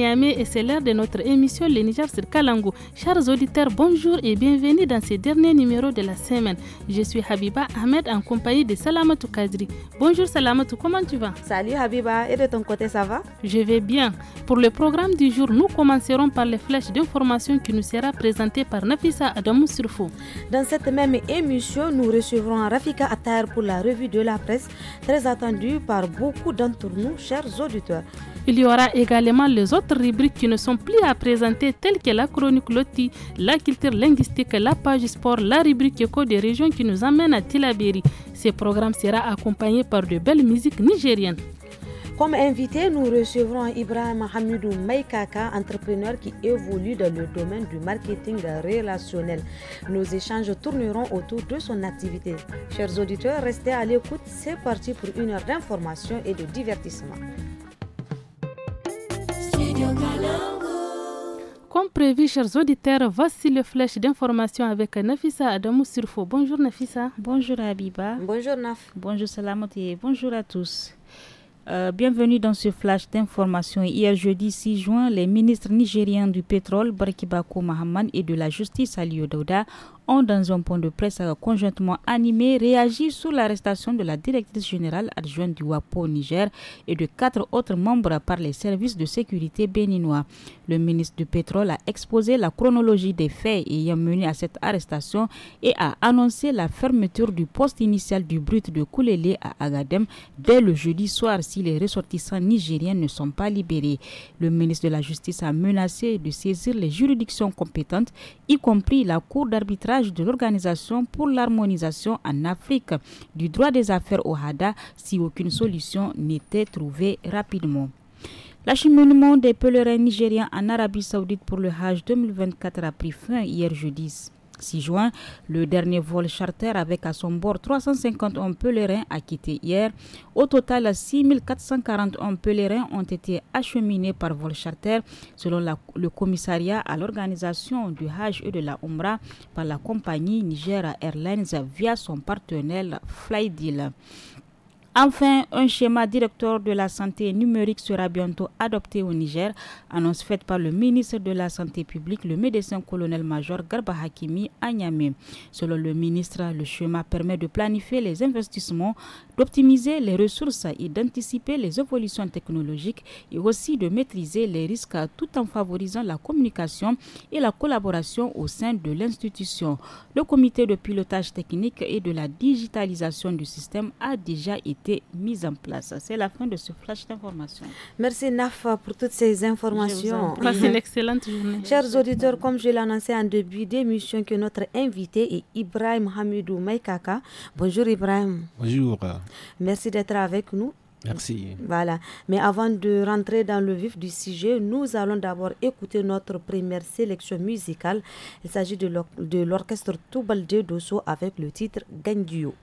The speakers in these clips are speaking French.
et c'est l'heure de notre émission Le Niger sur Kalango. Chers auditeurs, bonjour et bienvenue dans ce dernier numéro de la semaine. Je suis Habiba Ahmed en compagnie de Salamatou Kadri. Bonjour Salamatou, comment tu vas Salut Habiba, et de ton côté ça va Je vais bien. Pour le programme du jour, nous commencerons par les flèches d'information qui nous sera présentée par Nafisa Adamou Surfo. Dans cette même émission, nous recevrons Rafika Attar pour la revue de la presse, très attendue par beaucoup d'entre nous, chers auditeurs. Il y aura également les autres rubriques qui ne sont plus à présenter telles que la chronique Loti, la culture linguistique, la page sport, la rubrique éco des régions qui nous amène à Tilaberi. Ce programme sera accompagné par de belles musiques nigériennes. Comme invité, nous recevrons Ibrahim Hamidou Maikaka, entrepreneur qui évolue dans le domaine du marketing relationnel. Nos échanges tourneront autour de son activité. Chers auditeurs, restez à l'écoute. C'est parti pour une heure d'information et de divertissement. Comme prévu, chers auditeurs, voici le flash d'information avec Nafisa Adamou Surfo. Bonjour Nafisa, Bonjour Abiba. Bonjour Naf. Bonjour Salamati. Bonjour à tous. Euh, bienvenue dans ce flash d'information. Hier jeudi 6 juin, les ministres nigériens du pétrole Barkibako Mahaman et de la justice Aliou ont, dans un point de presse conjointement animé, réagi sur l'arrestation de la directrice générale adjointe du WAPO au Niger et de quatre autres membres par les services de sécurité béninois. Le ministre du Pétrole a exposé la chronologie des faits ayant mené à cette arrestation et a annoncé la fermeture du poste initial du brut de Koulélé à Agadem dès le jeudi soir si les ressortissants nigériens ne sont pas libérés. Le ministre de la Justice a menacé de saisir les juridictions compétentes, y compris la Cour d'arbitrage de l'Organisation pour l'harmonisation en Afrique du droit des affaires au HADA si aucune solution n'était trouvée rapidement. L'acheminement des pèlerins nigériens en Arabie Saoudite pour le Hajj 2024 a pris fin hier jeudi. 6 juin, le dernier vol charter avec à son bord 350 hommes pèlerins a quitté hier. Au total, 440 hommes pèlerins ont été acheminés par vol charter selon le commissariat à l'organisation du Hajj et de la Umrah par la compagnie Nigeria Airlines via son partenaire Flydeal. Enfin, un schéma directeur de la santé numérique sera bientôt adopté au Niger, annonce faite par le ministre de la Santé publique, le médecin colonel-major Garba Hakimi Agname. Selon le ministre, le schéma permet de planifier les investissements d'optimiser les ressources et d'anticiper les évolutions technologiques et aussi de maîtriser les risques tout en favorisant la communication et la collaboration au sein de l'institution. Le comité de pilotage technique et de la digitalisation du système a déjà été mis en place. C'est la fin de ce flash d'information. Merci Nafa pour toutes ces informations. Passez une mhm. excellente journée. Chers auditeurs, comme je l'ai annoncé en début d'émission, que notre invité est Ibrahim Hamidou Maïkaka. Bonjour Ibrahim. Bonjour. Merci d'être avec nous. Merci. Voilà. Mais avant de rentrer dans le vif du sujet, nous allons d'abord écouter notre première sélection musicale. Il s'agit de l'orchestre Toubal de Dosso avec le titre Ganguio.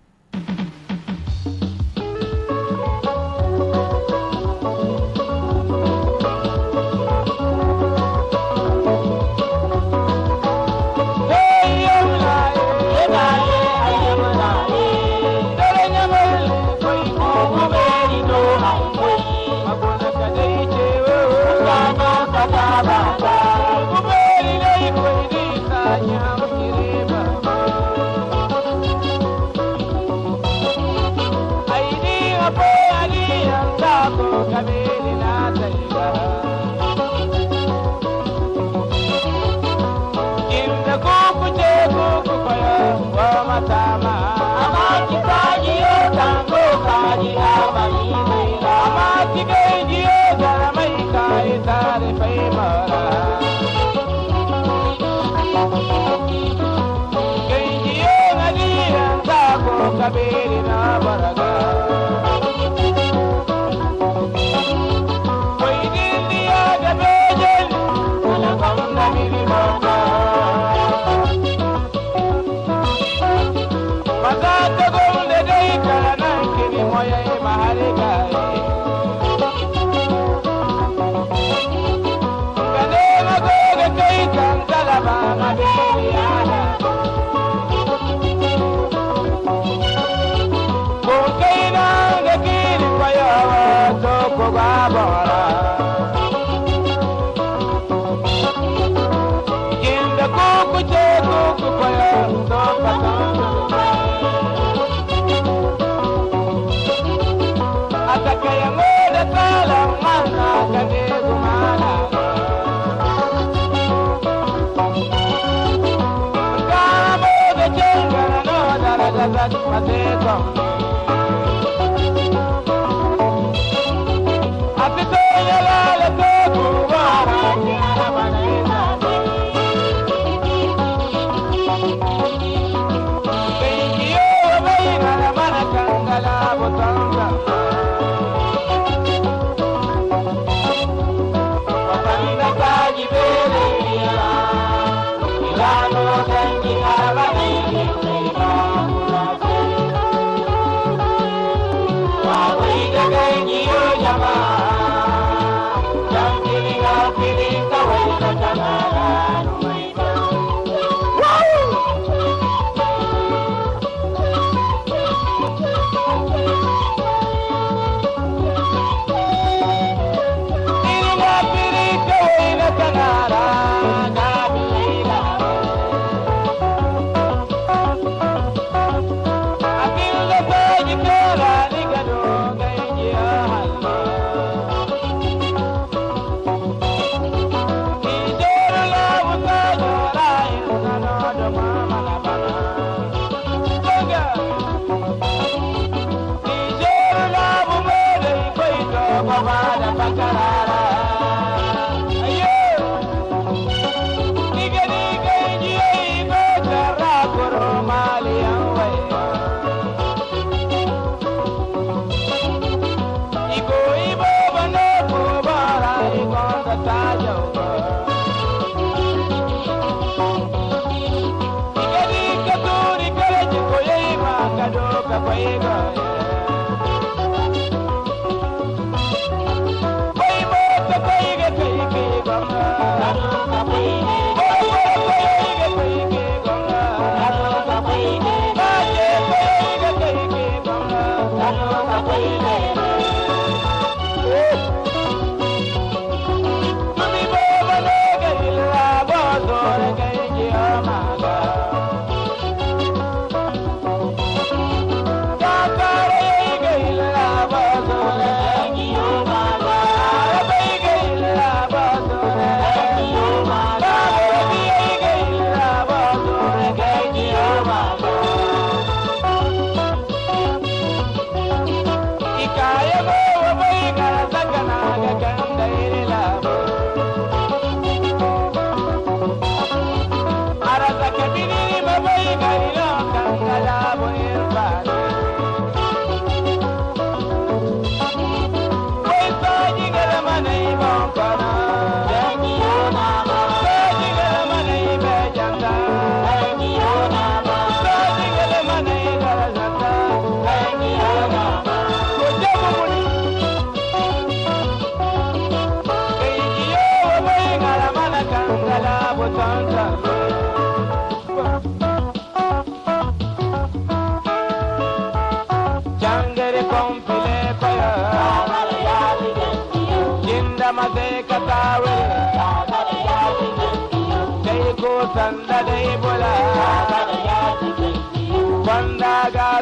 Capoeira.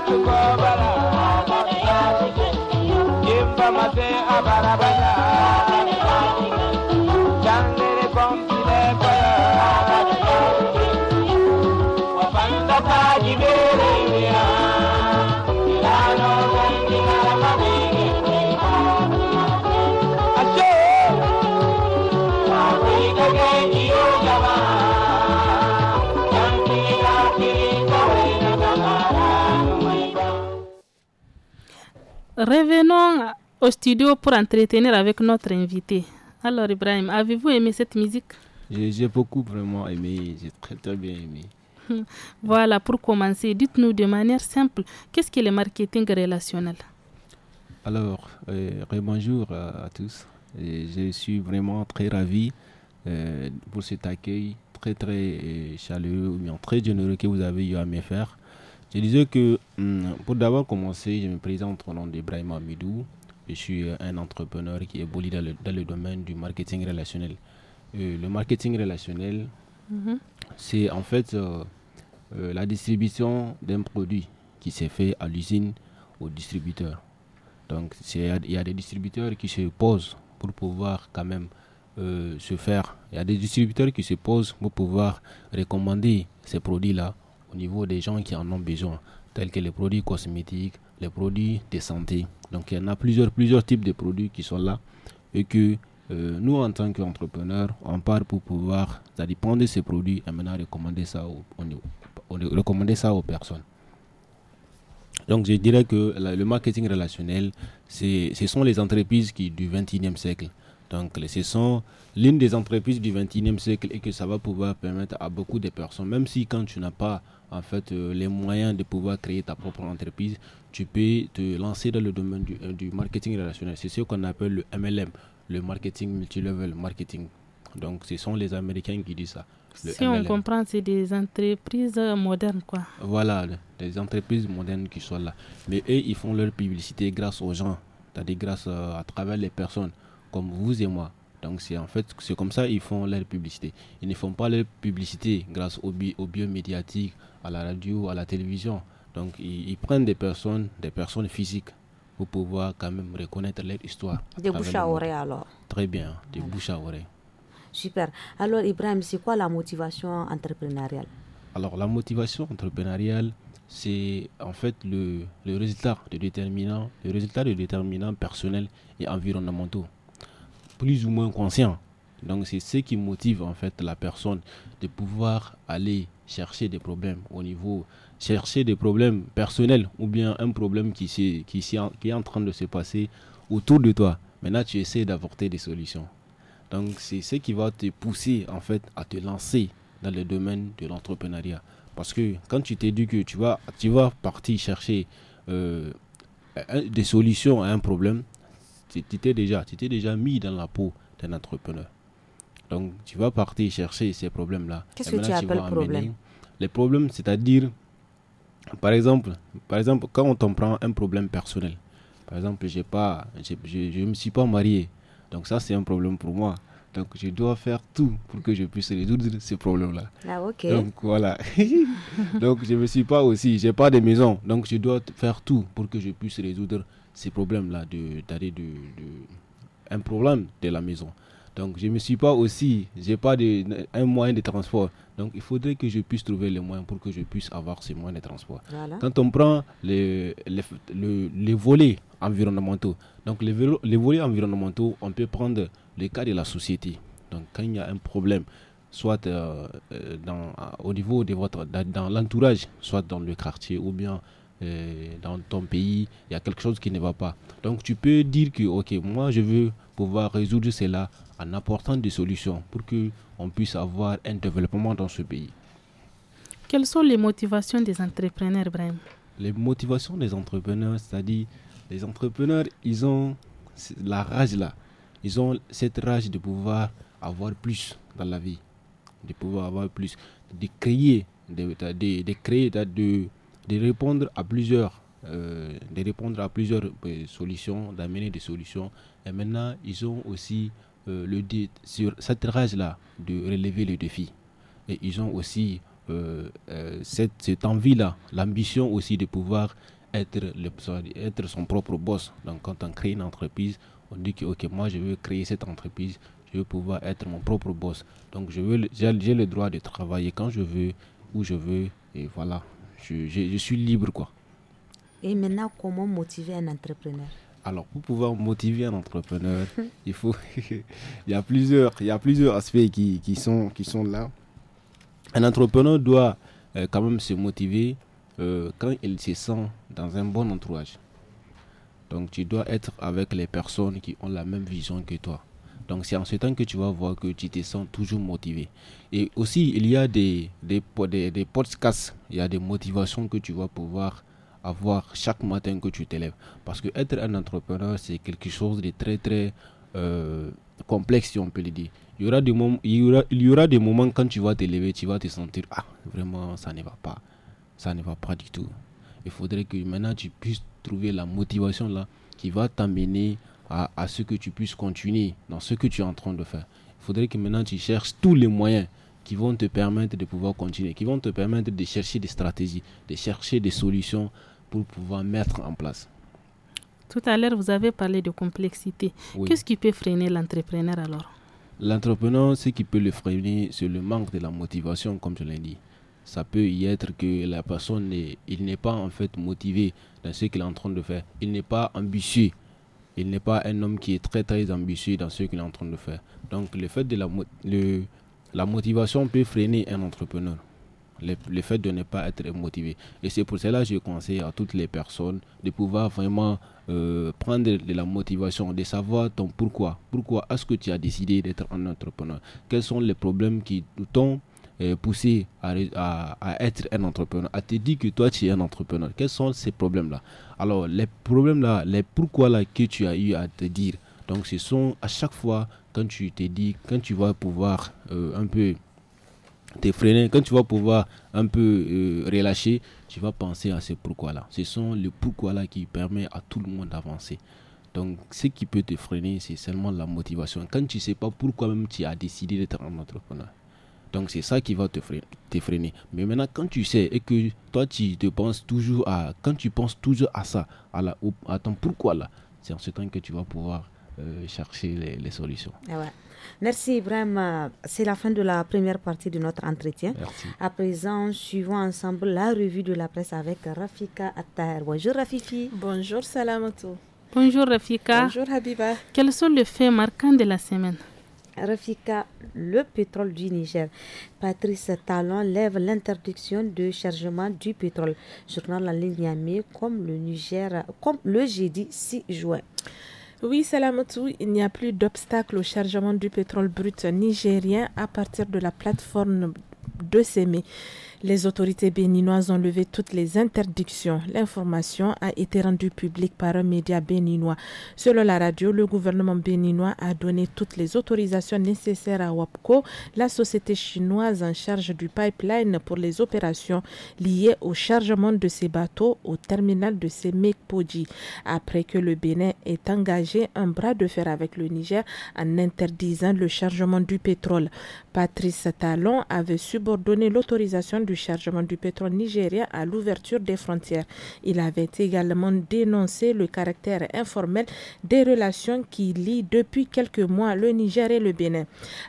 tukobala imba mate abarabanya revenons au studio pour entretenir avec notre invité. Alors Ibrahim, avez-vous aimé cette musique J'ai beaucoup vraiment aimé, j'ai très très bien aimé. voilà, pour commencer, dites-nous de manière simple, qu'est-ce que le marketing relationnel Alors, euh, bonjour à, tous. je suis vraiment très ravi euh, pour cet accueil très très euh, chaleureux, très généreux que vous avez eu à me faire. Je disais que hmm, pour d'abord commencer, je me présente au nom d'Ibrahim Amidou. Je suis euh, un entrepreneur qui est dans le, dans le domaine du marketing relationnel. Euh, le marketing relationnel, mhm. c'est en fait euh, la distribution d'un produit qui s'est fait à l'usine au distributeur. Donc il y, a des distributeurs qui se posent pour pouvoir quand même se faire. Il y a des distributeurs qui se posent pour pouvoir recommander ces produits-là au niveau des gens qui en ont besoin, tels que les produits cosmétiques, les produits de santé. Donc il y en a plusieurs, plusieurs types de produits qui sont là et que euh, nous, en tant qu'entrepreneurs, on part pour pouvoir prendre ces produits et maintenant recommander ça, au, recommander ça aux personnes. Donc je dirais que le marketing relationnel, ce sont les entreprises qui, du 21 siècle. Donc ce sont l'une des entreprises du 21 siècle et que ça va pouvoir permettre à beaucoup de personnes, même si quand tu n'as pas en fait euh, les moyens de pouvoir créer ta propre entreprise, tu peux te lancer dans le domaine du, euh, marketing relationnel. C'est ce qu'on appelle le MLM, le marketing multilevel marketing. Donc ce sont les Américains qui disent ça. Si on comprend, c'est des entreprises euh, modernes, quoi. Voilà, des entreprises modernes qui sont là. Mais eux, ils font leur publicité grâce aux gens, c'est-à-dire grâce à travers les personnes, comme vous et moi. Donc c'est en fait c'est comme ça ils font leur publicité. Ils ne font pas leur publicité grâce aux bi au biais à la radio, à la télévision. Donc ils, prennent des personnes, des personnes physiques pour pouvoir quand même reconnaître leur histoire. Des bouches à oreille alors. Très bien, des bouches à oreille. Super. Alors Ibrahim, c'est quoi la motivation entrepreneuriale Alors la motivation entrepreneuriale, c'est en fait le, résultat de déterminants, le résultat de déterminants personnels et environnementaux plus ou moins conscient. Donc c'est ce qui motive en fait la personne de pouvoir aller chercher des problèmes au niveau, chercher des problèmes personnels ou bien un problème qui, qui, qui est en train de se passer autour de toi. Maintenant tu essaies d'apporter des solutions. Donc c'est ce qui va te pousser en fait à te lancer dans le domaine de l'entrepreneuriat. Parce que quand tu t'es dit que tu vas, tu vas partir chercher euh, des solutions à un problème, tu t'es déjà, déjà mis dans la peau d'un entrepreneur. Donc, tu vas partir chercher ces problèmes-là. Qu'est-ce que tu appelles problème Les problèmes, c'est-à-dire, par exemple, par exemple, quand on t'en prend un problème personnel, par exemple, j'ai pas, je ne me suis pas marié, donc ça, c'est un problème pour moi. Donc, je dois faire tout pour que je puisse résoudre ces problèmes-là. Ah, ok. Donc, voilà. donc, je ne me suis pas aussi, j'ai pas de maison, donc je dois faire tout pour que je puisse résoudre ces problèmes-là, de, d'aller de, de, un problème de la maison. Donc je ne me suis pas aussi, j'ai pas de, un moyen de transport. Donc il faudrait que je puisse trouver les moyens pour que je puisse avoir ces moyens de transport. Quand on prend les, les, les, volets environnementaux, donc les, les volets environnementaux, on peut prendre le cas de la société. Donc quand il y a un problème, soit euh, euh, dans, au niveau de votre, dans l'entourage, soit dans le quartier ou bien euh, dans ton pays, il y a quelque chose qui ne va pas. Donc tu peux dire que, ok, moi je veux pouvoir résoudre cela en apportant des solutions pour qu'on puisse avoir un développement dans ce pays. Quelles sont les motivations des entrepreneurs, Brahim Les motivations des entrepreneurs, c'est-à-dire les entrepreneurs, ils ont la rage là. Ils ont cette rage de pouvoir avoir plus dans la vie, de pouvoir avoir plus, de créer, de, de créer, de, de répondre à plusieurs, euh, de répondre à plusieurs euh, solutions, d'amener des solutions. Et maintenant, ils ont aussi euh, le dit sur cette rage-là de relever le défi. Et ils ont aussi cette, envie-là, l'ambition aussi de pouvoir être, le, être son propre boss. Donc quand on crée une entreprise, on dit que ok, moi je veux créer cette entreprise, je veux pouvoir être mon propre boss. Donc je veux, j'ai, le droit de travailler quand je veux, où je veux, et voilà je, suis libre. quoi. Et maintenant, comment motiver un entrepreneur alors, pour pouvoir motiver un entrepreneur, il faut, il y a plusieurs, il y a plusieurs aspects qui, sont, qui sont là. Un entrepreneur doit euh, quand même se motiver euh, quand il se sent dans un bon entourage. Donc, tu dois être avec les personnes qui ont la même vision que toi. Donc c'est en ce temps que tu vas voir que tu te sens toujours motivé. Et aussi, il y a des, des, des, podcasts, il y a des motivations que tu vas pouvoir avoir chaque matin que tu t'élèves. Parce que être un entrepreneur, c'est quelque chose de très très euh, complexe, si on peut le dire. Il y, aura des moments, il, y aura, il y aura des moments quand tu vas t'élever, tu vas te sentir, ah, vraiment, ça ne va pas. Ça ne va pas du tout. Il faudrait que maintenant tu puisses trouver la motivation là qui va t'amener à, ce que tu puisses continuer dans ce que tu es en train de faire. Il faudrait que maintenant tu cherches tous les moyens qui vont te permettre de pouvoir continuer, qui vont te permettre de chercher des stratégies, de chercher des solutions pour pouvoir mettre en place. Tout à l'heure, vous avez parlé de complexité. Qu'est-ce qui peut freiner l'entrepreneur alors L'entrepreneur, ce qui peut le freiner, c'est le manque de la motivation, comme je l'ai dit. Ça peut y être que la personne n'est, il n'est pas en fait motivé dans ce qu'il est en train de faire. Il n'est pas ambitieux il n'est pas un homme qui est très très ambitieux dans ce qu'il est en train de faire. Donc le fait de la, motivation peut freiner un entrepreneur. Le, fait de ne pas être motivé. Et c'est pour cela que je conseille à toutes les personnes de pouvoir vraiment euh, prendre de la motivation, de savoir ton pourquoi. Pourquoi est-ce que tu as décidé d'être un entrepreneur Quels sont les problèmes qui t'ont euh, poussé à, à, être un entrepreneur, à te dire que toi tu es un entrepreneur, quels sont ces problèmes-là Alors, les problèmes-là, les pourquoi-là que tu as eu à te dire, donc ce sont à chaque fois quand tu te dis, quand tu vas pouvoir euh, un peu te freiner, quand tu vas pouvoir un peu euh, relâcher, tu vas penser à ces pourquoi-là. Ce sont les pourquoi-là qui permettent à tout le monde d'avancer. Donc, ce qui peut te freiner, c'est seulement la motivation. Quand tu ne sais pas pourquoi même tu as décidé d'être un entrepreneur, donc c'est ça qui va te freiner, Mais maintenant, quand tu sais et que toi tu te penses toujours à, quand tu penses toujours à ça, à la, à ton pourquoi là, c'est en ce temps que tu vas pouvoir euh, chercher les, solutions. Eh Merci Ibrahim. C'est la fin de la première partie de notre entretien. Merci. À présent, suivons ensemble la revue de la presse avec Rafika Attar. Bonjour Rafifi. Bonjour Salamato. Bonjour Rafika. Bonjour Habiba. Quels sont les faits marquants de la semaine Rafika, le pétrole du Niger. Patrice Talon lève l'interdiction de chargement du pétrole. Journal la ligne comme le Niger, comme le jeudi 6 juin. Oui, Salamatou, il n'y a plus d'obstacle au chargement du pétrole brut nigérien à partir de la plateforme de Sémé. Les autorités béninoises ont levé toutes les interdictions. L'information a été rendue publique par un média béninois. Selon la radio, le gouvernement béninois a donné toutes les autorisations nécessaires à WAPCO, la société chinoise en charge du pipeline pour les opérations liées au chargement de ces bateaux au terminal de Semekpoji, après que le Bénin ait engagé un bras de fer avec le Niger en interdisant le chargement du pétrole. Patrice Talon avait subordonné l'autorisation du chargement du pétrole nigérien à l'ouverture des frontières. Il avait également dénoncé le caractère informel des relations qui lient depuis quelques mois le Niger et le Bénin.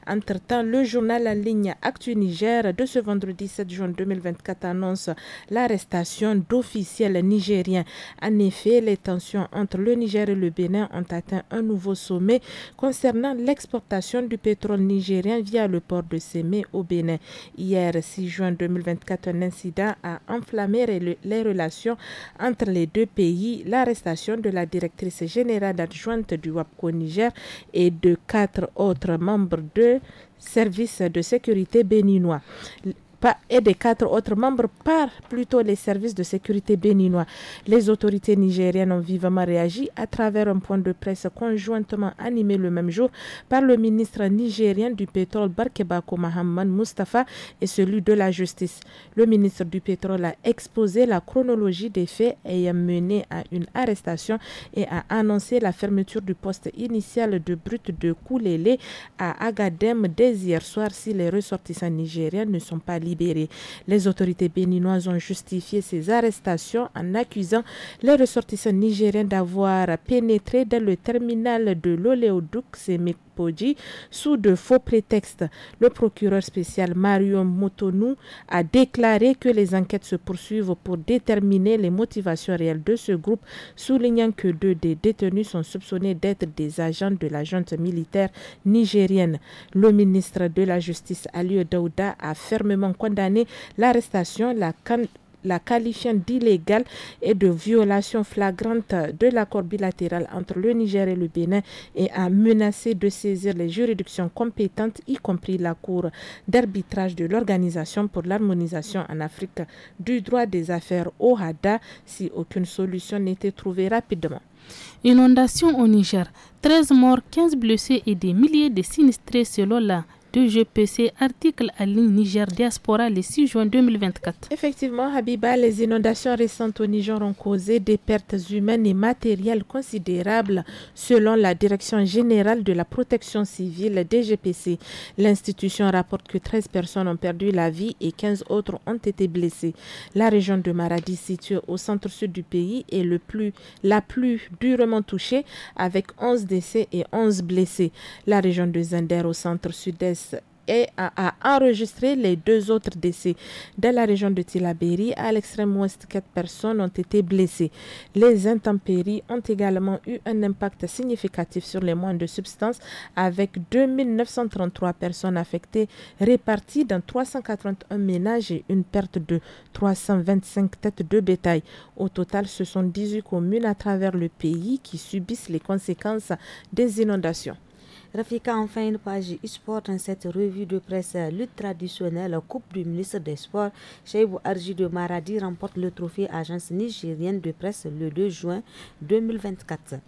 Entre-temps, le journal en ligne Actu Niger de ce vendredi 7 juin 2024 annonce l'arrestation d'officiels nigériens. En effet, les tensions entre le Niger et le Bénin ont atteint un nouveau sommet concernant l'exportation du pétrole nigérien via le port de Sémé au Bénin. Hier 6 juin 2024, un incident a enflammé les relations entre les deux pays. L'arrestation de la directrice générale adjointe du WAPCO Niger et de quatre autres membres de services de sécurité béninois et des quatre autres membres par plutôt les services de sécurité béninois. Les autorités nigériennes ont vivement réagi à travers un point de presse conjointement animé le même jour par le ministre nigérien du pétrole Barkebako Mahamman Mustafa et celui de la justice. Le ministre du pétrole a exposé la chronologie des faits ayant mené à une arrestation et a annoncé la fermeture du poste initial de brut de Koulélé à Agadem dès hier soir si les ressortissants nigériens ne sont pas liés. Les autorités béninoises ont justifié ces arrestations en accusant les ressortissants nigériens d'avoir pénétré dans le terminal de l'oléoduc sous de faux prétextes. Le procureur spécial Mario Motonou a déclaré que les enquêtes se poursuivent pour déterminer les motivations réelles de ce groupe, soulignant que deux des détenus sont soupçonnés d'être des agents de la junte militaire nigérienne. Le ministre de la Justice, Aliou Daouda, a fermement condamné l'arrestation, la la qualifiant d'illégale et de violation flagrante de l'accord bilatéral entre le Niger et le Bénin et a menacé de saisir les juridictions compétentes, y compris la Cour d'arbitrage de l'Organisation pour l'harmonisation en Afrique du droit des affaires OHADA si aucune solution n'était trouvée rapidement. Inondation au Niger, 13 morts, 15 blessés et des milliers de sinistrés selon la de GPC, article à ligne Niger Diaspora le 6 juin 2024. Effectivement, Habiba, les inondations récentes au Niger ont causé des pertes humaines et matérielles considérables selon la Direction générale de la protection civile DGPC. L'institution rapporte que 13 personnes ont perdu la vie et 15 autres ont été blessées. La région de Maradi, située au centre-sud du pays, est le plus, la plus durement touchée avec 11 décès et 11 blessés. La région de Zender au centre-sud-est et a enregistré les deux autres décès. Dans la région de Tilaberi, à l'extrême ouest, quatre personnes ont été blessées. Les intempéries ont également eu un impact significatif sur les moines de substances, avec 2933 personnes affectées, réparties dans 381 ménages et une perte de 325 têtes de bétail. Au total, ce sont 18 communes à travers le pays qui subissent les conséquences des inondations. Rafika, enfin une page e-sport dans cette revue de presse lutte traditionnelle Coupe du ministre des Sports. Cheibou Arji de Maradi remporte le trophée Agence nigérienne de presse le 2 juin 2024.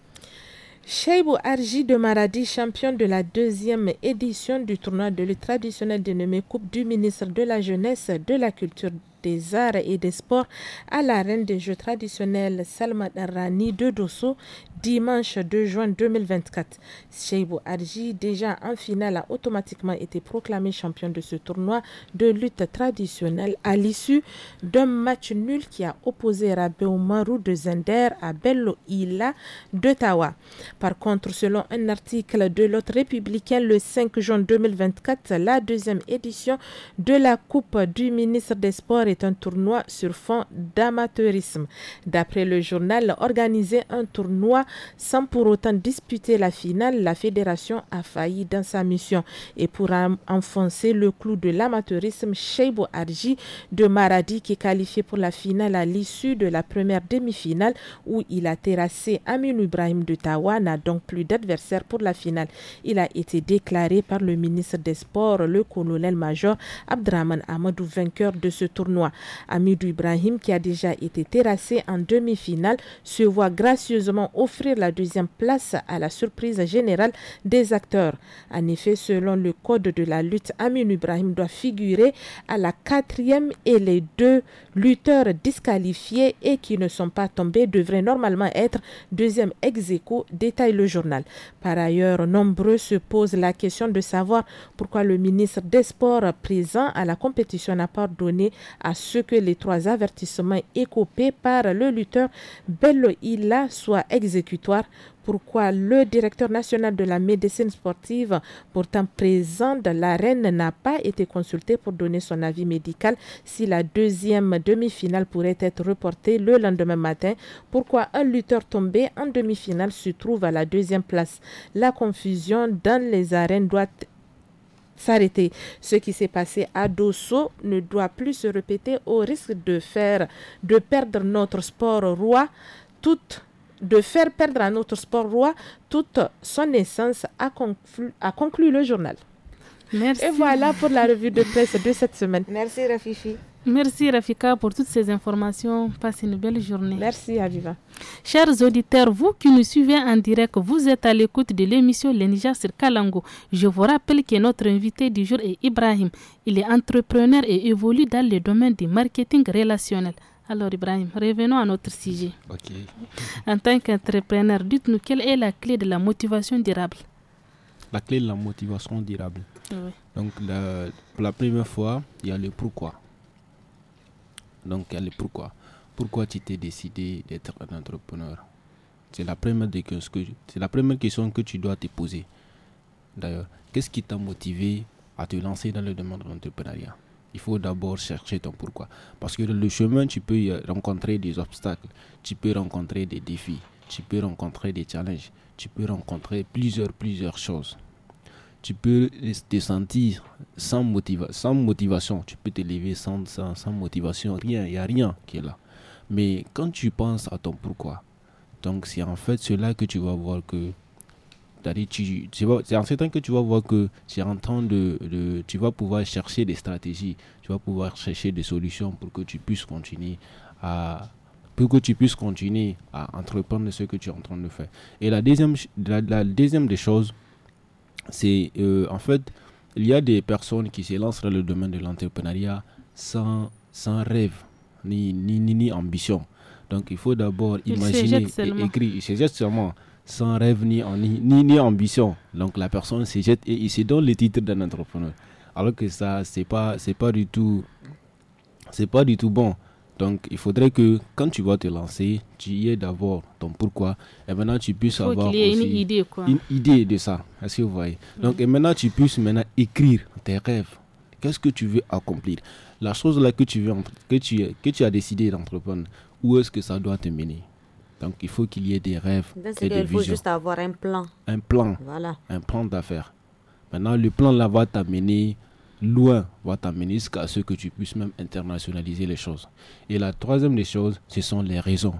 Cheibou Arji de Maradi, champion de la deuxième édition du tournoi de lutte traditionnelle dénommé Coupe du ministre de la Jeunesse, et de la Culture, des arts et des sports à l'arène des jeux traditionnels Salman Rani de Dosso dimanche 2 juin 2024. Sheibo Arji, déjà en finale, a automatiquement été proclamé champion de ce tournoi de lutte traditionnelle à l'issue d'un match nul qui a opposé Rabeu Marou de Zender à Bello Ila d'Ottawa. Par contre, selon un article de l'autre républicain, le 5 juin 2024, la deuxième édition de la Coupe du ministre des Sports et est un tournoi sur fond d'amateurisme. D'après le journal, organiser un tournoi sans pour autant disputer la finale, la fédération a failli dans sa mission. Et pour enfoncer le clou de l'amateurisme, Sheibo Arji de Maradi, qui est qualifié pour la finale à l'issue de la première demi-finale où il a terrassé Amin Ibrahim de Tawa, n'a donc plus d'adversaire pour la finale. Il a été déclaré par le ministre des Sports, le colonel-major Abdraman Amadou, vainqueur de ce tournoi. Amidou Ibrahim, qui a déjà été terrassé en demi-finale, se voit gracieusement offrir la deuxième place à la surprise générale des acteurs. En effet, selon le code de la lutte, Amidou Ibrahim doit figurer à la quatrième et les deux lutteurs disqualifiés et qui ne sont pas tombés devraient normalement être deuxième ex aequo, détaille le journal. Par ailleurs, nombreux se posent la question de savoir pourquoi le ministre des Sports présent à la compétition n'a pas donné à ce que les trois avertissements écopés par le lutteur Bello Ila soient exécutoires pourquoi le directeur national de la médecine sportive, pourtant présent de l'arène, n'a pas été consulté pour donner son avis médical si la deuxième demi-finale pourrait être reportée le lendemain matin. Pourquoi un lutteur tombé en demi-finale se trouve à la deuxième place La confusion dans les arènes doit s'arrêter. Ce qui s'est passé à Dosso ne doit plus se répéter au risque de faire, de perdre notre sport roi toute de faire perdre à notre sport roi toute son essence, a conclu, le journal. Et voilà pour la revue de presse de cette semaine. Merci Rafifi. Merci Rafika pour toutes ces informations. Passez une belle journée. Merci Aviva. Chers auditeurs, vous qui nous suivez en direct, vous êtes à l'écoute de l'émission Lenija sur Kalango. Je vous rappelle que notre invité du jour est Ibrahim. Il est entrepreneur et évolue dans le domaine du marketing relationnel. Alors Ibrahim, revenons à notre sujet. En tant qu'entrepreneur, dites-nous quelle est la clé de la motivation durable La clé de la motivation durable. Donc pour la première fois, il y a le pourquoi. Donc, allez, pourquoi Pourquoi tu t'es décidé d'être un entrepreneur C'est la, première c'est la première question que tu dois te poser. D'ailleurs, qu'est-ce qui t'a motivé à te lancer dans le domaine de l'entrepreneuriat il faut d'abord chercher ton pourquoi. Parce que le chemin, tu peux y rencontrer des obstacles, tu peux rencontrer des défis, tu peux rencontrer des challenges, tu peux rencontrer plusieurs, plusieurs choses tu peux te sentir sans, sans motivation. Tu peux te lever sans, sans, motivation. Rien, il n'y a rien qui est là. Mais quand tu penses à ton pourquoi, donc c'est en fait cela que tu vas voir que c'est en ce temps que tu vas voir que de, tu vas pouvoir chercher des stratégies, tu vas pouvoir chercher des solutions pour que tu puisses continuer à pour que tu puisses continuer à entreprendre ce que tu es en train de faire. Et la deuxième la deuxième des choses c'est euh, en fait, il y a des personnes qui se lancent dans le domaine de l'entrepreneuriat sans, sans rêve ni, ni, ni, ambition. Donc il faut d'abord imaginer et écrire. Il se jette seulement sans rêve ni, ambition. Donc la personne se jette et il se donne le titre d'un entrepreneur. Alors que ça, c'est pas, c'est pas du tout, c'est pas du tout bon. Donc, il faudrait que quand tu vas te lancer, tu y aies d'abord ton pourquoi. Et maintenant, tu puisses avoir aussi une, idée, de ça. Est-ce que vous voyez Donc, mm. et maintenant, tu puisses maintenant écrire tes rêves. Qu'est-ce que tu veux accomplir La chose là que tu veux que tu que tu as décidé d'entreprendre, où est-ce que ça doit te mener Donc, il faut qu'il y ait des rêves et des visions. Il faut juste avoir un plan. Un plan. Voilà. Un plan d'affaires. Maintenant, le plan là va t'amener loin va t'amener jusqu'à ce que tu puisses même internationaliser les choses. Et la troisième des choses, ce sont les raisons.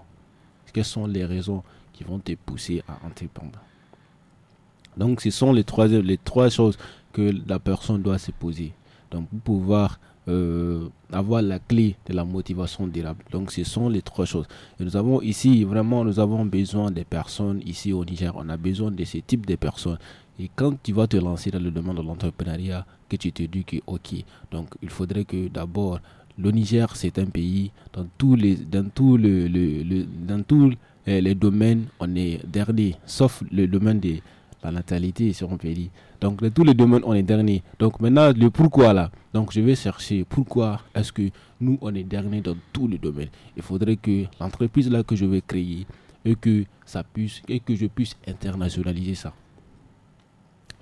Quelles sont les raisons qui vont te pousser à entreprendre Donc, ce sont les trois, les trois choses que la personne doit se poser. Donc, pour pouvoir euh, avoir la clé de la motivation durable. Donc, ce sont les trois choses. Et nous avons ici, vraiment, nous avons besoin des personnes ici au Niger. On a besoin de ce type de personnes et quand tu vas te lancer dans le domaine de l'entrepreneuriat, que tu te dis que, ok, donc il faudrait que d'abord, le Niger, c'est un pays, dans tous les, dans tout le, dans tous euh, les domaines, on est dernier, sauf le domaine de la natalité, si on pays. Donc, dans tous les domaines, on est dernier. Donc, maintenant, le pourquoi là. Donc, je vais chercher pourquoi est-ce que nous, on est dernier dans tous les domaines. Il faudrait que l'entreprise là que je vais créer et que ça puisse, et que je puisse internationaliser ça.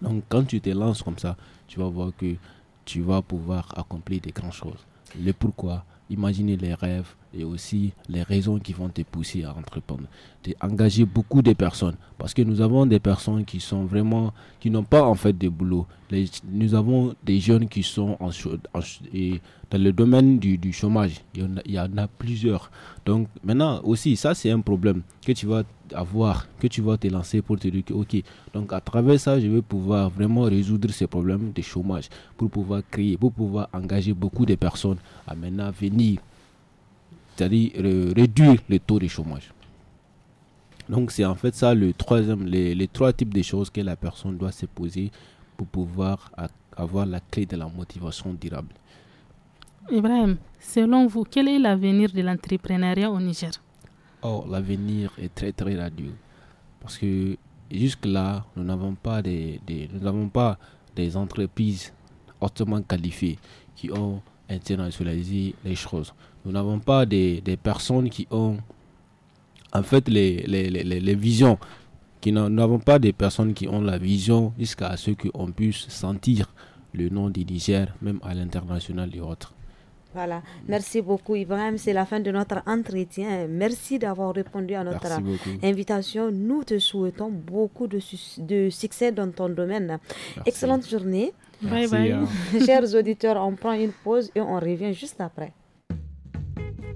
Donc quand tu te lances comme ça, tu vas voir que tu vas pouvoir accomplir des grandes choses. Le pourquoi, imaginer les rêves, et aussi les raisons qui vont te pousser à entreprendre. T'es engagé beaucoup de personnes parce que nous avons des personnes qui sont vraiment qui n'ont pas en fait de boulot. nous avons des jeunes qui sont en, dans le domaine du, chômage. Il y, en a, plusieurs. Donc maintenant aussi ça c'est un problème que tu vas avoir, que tu vas te lancer pour te dire ok. Donc à travers ça je vais pouvoir vraiment résoudre ces problèmes de chômage pour pouvoir créer, pour pouvoir engager beaucoup de personnes à maintenant venir c'est-à-dire euh, réduire le taux de chômage. Donc c'est en fait ça le troisième, les, trois types de choses que la personne doit se poser pour pouvoir avoir la clé de la motivation durable. Ibrahim, selon vous, quel est l'avenir de l'entrepreneuriat au Niger Oh, l'avenir est très très radieux. Parce que jusque-là, nous n'avons pas des, nous n'avons pas des entreprises hautement qualifiées qui ont internationalisé les choses. Nous n'avons pas des, des, personnes qui ont, en fait, les, les, visions. Qui n'avons pas des personnes qui ont la vision jusqu'à ce qu'on puisse sentir le nom du Niger, même à l'international et autres. Voilà, merci beaucoup Ibrahim, c'est la fin de notre entretien. Merci d'avoir répondu à notre invitation. Nous te souhaitons beaucoup de, de succès dans ton domaine. Excellente journée. Bye bye. Hein. Chers auditeurs, on prend une pause et on revient juste après.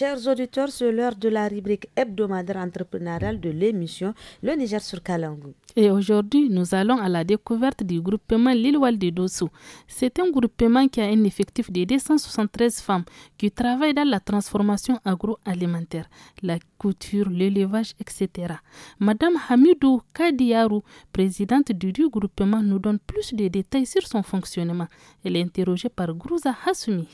Chers auditeurs, c'est l'heure de la rubrique hebdomadaire entrepreneuriale de l'émission Le Niger sur Kalangu. Et aujourd'hui, nous allons à la découverte du groupement Lilwal de Dosso. C'est un groupement qui a un effectif de 273 femmes qui travaillent dans la transformation agroalimentaire, la couture, l'élevage, etc. Madame Hamidou Kadiarou, présidente du groupement, nous donne plus de détails sur son fonctionnement. Elle est interrogée par Grouza Hassoumi.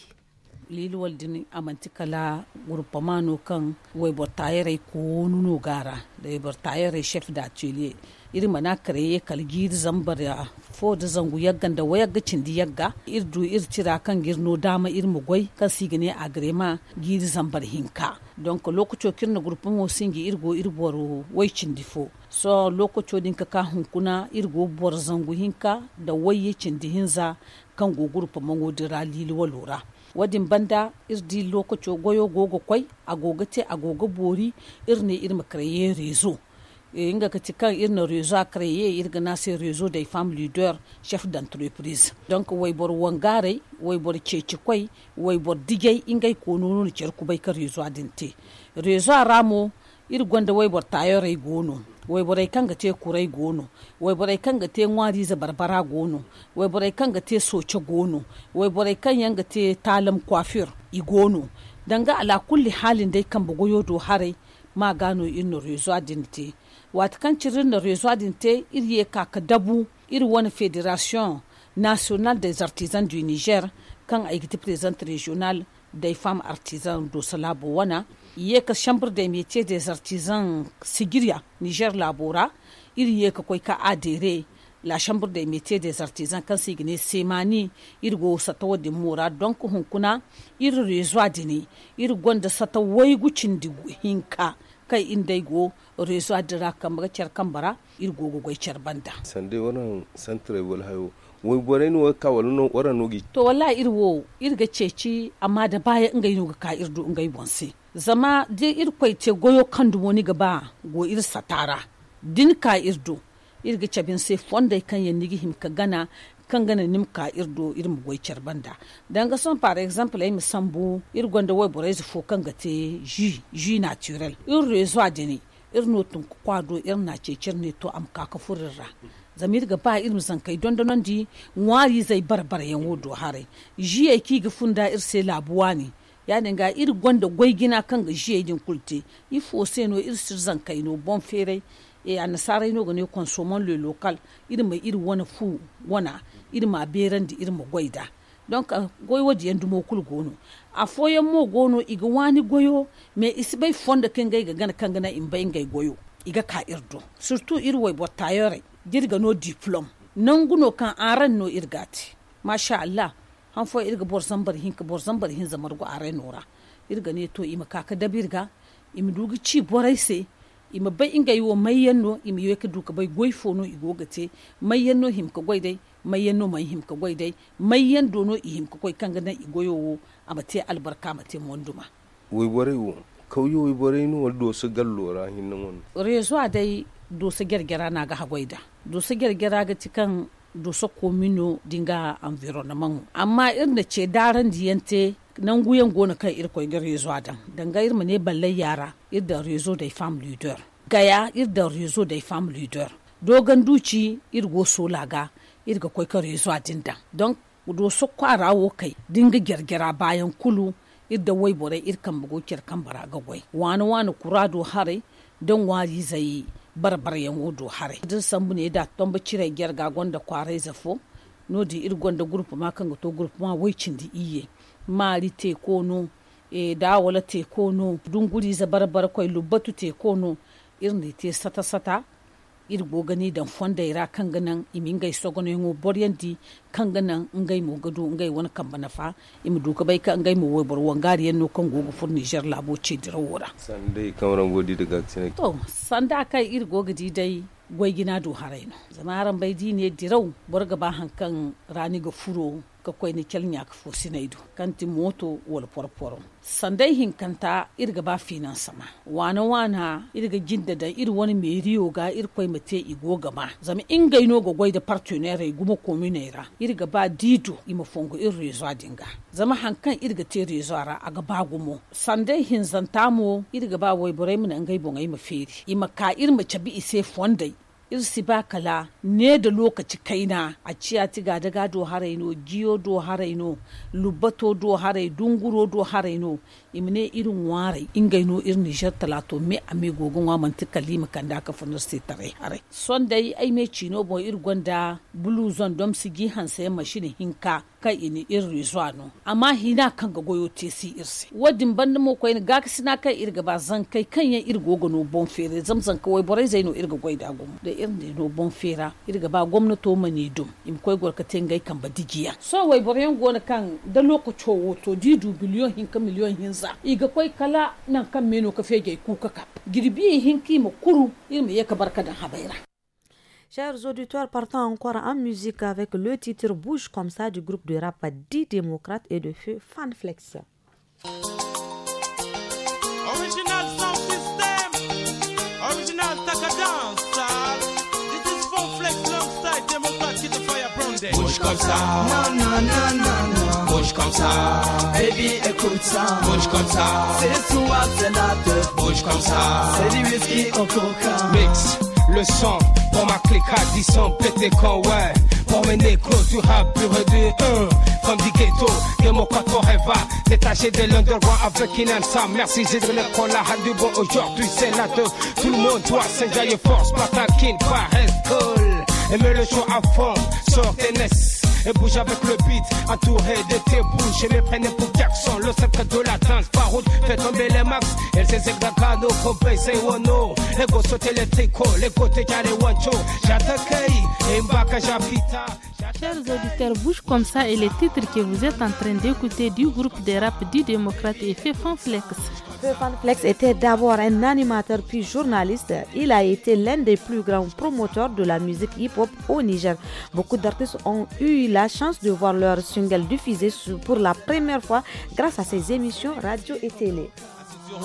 liliwal din amantikala gurpamano kan wai bortayere ko nuno gara da bortayere chef da atelier iri mana kreye kalgi zambar ya fo da zangu yagga da waya gacin di yagga irdu ir tira kan girno dama ir mugwai kan sigine a grema gidi zambar hinka donc lokaco kirna gurupa wo singi irgo irboro wai cindifo so lokaco din ka hunkuna irgo bor zangu hinka da waye cindi hinza kan gogurpa mangodira liliwa lura wadin banda irdi lokaci goyo gogo kwai agoga te agoga bori irne irma kraye rezo e, inga ka kan irna rezo a kraye irga na se rezo da fam leader chef d'entreprise donc way bor wangare way bor ceci kwai way bor digay inga ko nunu ku bai ka rezo adinte rezo ramo ir gonda way bor tayore gono wai kan kanga te kurai gono wai kan kanga te nwari za barbara gono wai kan kanga te soce gono wai burai kan yanga te talam kwafir i gono danga ala kulli halin dai kan bugoyo do harai ma gano inno rezo adinte wata kan cirin na rezo adinte kaka dabu iri wani federation national des artisans du niger kan aikiti president regional des femmes artisans do salabo wana yeka chambre des métiers des artisans sigiria niger labora iri ka koy ka adere la chambre des métiers des artisans kan sigine semani iri go sata wadi mura donc hunkuna iri rezo adini iri gonda sata gucin di hinka kai inda go rezo adira kamar cer kambara iri go gogoi cer banda sande wannan centre wal hayo wai bore ni wai kawalu no wara nogi to wallahi iri wo iri ga ceci amma da baya inga yi ka irdu inga yi bonse zama da ir kwaice goyo kan kandu ni gaba go ir satara din ka irdo irga cabin sai fonda kan ya nigi him ka gana kan gana nim ka irdo ir mu goy banda dan ga son par exemple ay misambu ir gonda way boray fo kan te ji ji naturel ir rezo adini ir no tun kwado ir na cecir ne to am ka ka zama zamir ga ba irin kai don donon di ngwari zai barbar yan wodo hare ji ki ga funda ir sai labuwa ne il ga iri gwanda gwaigina kan ga jiye din kulte ifo no iri sirzan bon fere e a gane le local iri mai iri wana fu wana iri ma beran di iri ma gwaida don ka goyo waje gono a foyan mo gono iga wani goyo me isi bai fonda kan ga gana kan gana goyo iga ka irdo surtout iri wai botayore jirga no diplom nan kan no irgati masha Allah han fo irga bor sambar hin ka bor sambar hin zamar gu arai nora irga ne to ima kaka dabirga ima dugi ci borai se ima bai inga yiwo mai yanno ima yiwo ka duka bai goi no igo gate mai yanno him ka goi dai mai yanno mai him ka goi dai mai yan dono i him ka goi kanga nan igo yowo amate albarka mate monduma wai borai wo kauyo wai borai no do su gallora hin nan wannan rezo dai do su gergera na ga hagoida do su gergera ga cikan doso komino dinga environnement amma irin da ce daren yante nan guyen gona kan irko ga rezo dan danga irma ne balle yara irda rezo da fam leader gaya irda rezo da fam leader Dogan duci irgo solaga irga koi kan rezo dan. don doso wo kai dinga gergera bayan kulu irda wai bore irkan bugo kirkan baraga wai wani wani kurado hare don wari zai barbar yan wudu hare din san ne da ba cire ga gonda kwarai zafo no di ir gonda grupu ma kan to grupu ma waicin di iye mari te kono e da wala te kono dunguri za barbar koy lubatu te kono irin irni te sata sata irgo gani dan fonda ira kan ganan imi ngai sogono ngo boryanti kan ganan ngai mu gado ngai wani kan bana fa imi duka bai kan ngai mu wai bor wangari yan no kan gogo fur Niger labo ce dirawora sandai kamran godi daga tsine to sanda kai irgo gadi dai gwai gina do haraino zamaran bai di ne dirau bor gaba hankan rani ga furo ka koyni kel ñak fo sinaydu kanti moto wol porporo sanday hin kanta irga ba finan sama wana wana irga jinda da ir wani meriyo ga ir koy mate igo gama zama ingaino ga goy da partenaire gumo communaire irga ba dido ima fongo ir rezo dinga zama hankan irga te rezo ara aga ba gumo sanday hin zantamo irga ba woy bore mun ngai bongai ma feri ima ka ir ma i ise fondai. irsi ba kala ne da lokaci kaina a ciya tiga da gado haraino giyo do haraino lubato do harai dunguro do haraino imne irin ware ingaino irin nijar talato me a me gogon wa manta kalima kan da aka funar sai tare harai son dai ai me cino bo ir gwanda zone dom sigi hansa mashini hinka kan ini ir rizwano amma hina kan ga goyo tesi irsi wadin banda mo koyin ga sina kan irga ba zan kai kan yan irgo gono bon fere zamzan kawai borai zaino irga goida da da irnde no bon fera irga ba gwamnato mane dum im koy gorka tengai kan badigiya so wai boryan gona kan da lokaco woto didu billion hin ka miliyon hin za iga koy kala nan kan meno ka fege kuka ka girbi hin kima kuru irma ka barka da habaira Chers auditeurs, partant encore en musique avec le titre Bouge comme ça du groupe de rap 10 démocrates et de feu Fanflex. bouge comme ça. Non, non, non, non, non. Bouge comme ça. Baby, écoute ça. Bouge comme ça. C'est toi c'est la teuf. Bouge comme ça. C'est du whisky au coca. Mix le son pour ma clique à 10 pété quand ouais. Pour mes négros du rap pur du 1. Comme dit ghetto, que mon corps rêva. Détaché de l'underground avec Inansa. Merci, j'ai de l'école, la du Bon, aujourd'hui, c'est la teuf. Tout le monde doit s'engager force, pas kin, pas est et mets le choix à fond, sors tes nes et bouge avec le beat, entouré de tes bouches et les prenez pour garçon, le secret de la danse, par route, fais tomber les max, elle s'est zagano, compé, c'est wono, les gosses sauter les tricots, les côtés carré wancho, j'attaque, et m'baka j'habita. Chers auditeurs, bouge comme ça et les titres que vous êtes en train d'écouter du groupe des rap du démocrate et fait Flex. Le Flex était d'abord un animateur puis journaliste. Il a été l'un des plus grands promoteurs de la musique hip-hop au Niger. Beaucoup d'artistes ont eu la chance de voir leur single diffusé pour la première fois grâce à ses émissions radio et télé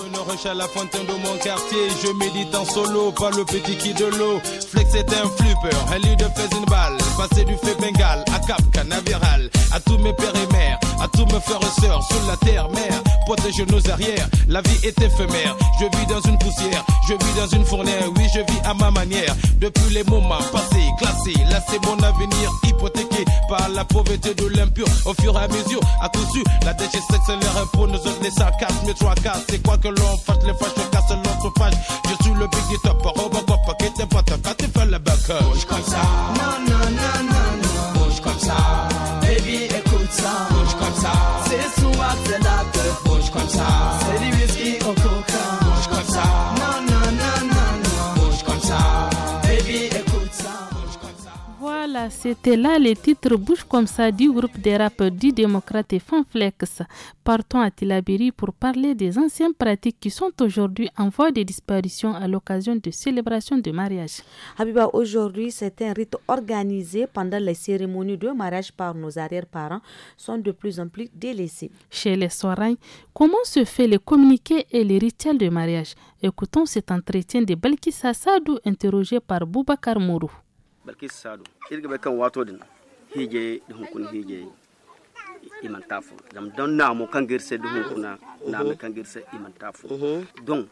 une roche à la fontaine de mon quartier, je médite en solo, pas le petit qui de l'eau. Flex est un flipper, un lieu de fais une balle. Passer du fait bengal à Cap Canaveral, à tous mes pères et mères, à tous mes frères et sœurs, sur la terre mère. Protège nos arrières, la vie est éphémère. Je vis dans une poussière, je vis dans une fournaise, oui, je vis à ma manière. Depuis les moments passés, classés, là c'est mon avenir, hypothéqué par la pauvreté de l'impur. Au fur et à mesure, à tout su, la déchet s'accélère pour nous autres, les sarcasmes, trois cas, c'est quoi que l'on fâche, les fâches, je casse fâche Je suis le big du top, Robocop, qui t'es pas tu fais la bac. Bouge comme ça, non, non, non, non, non, bouge comme ça. c'était là les titres bouche comme ça du groupe des rappeurs du démocrate et Fanflex. Partons à Tilabiri pour parler des anciennes pratiques qui sont aujourd'hui en voie de disparition à l'occasion de célébrations de mariage. Habiba, aujourd'hui, c'est un rite organisé pendant les cérémonies de mariage par nos arrière-parents sont de plus en plus délaissés. Chez les soirées, comment se fait le communiqué et les rituels de mariage Écoutons cet entretien de Balkissa Sadou interrogé par Boubacar Mourou. balkis sadu irga be kan wato din hije dihun kun hije iman tafu zam don na mo kan girse dihun kuna na me kan girse iman tafu mhm. don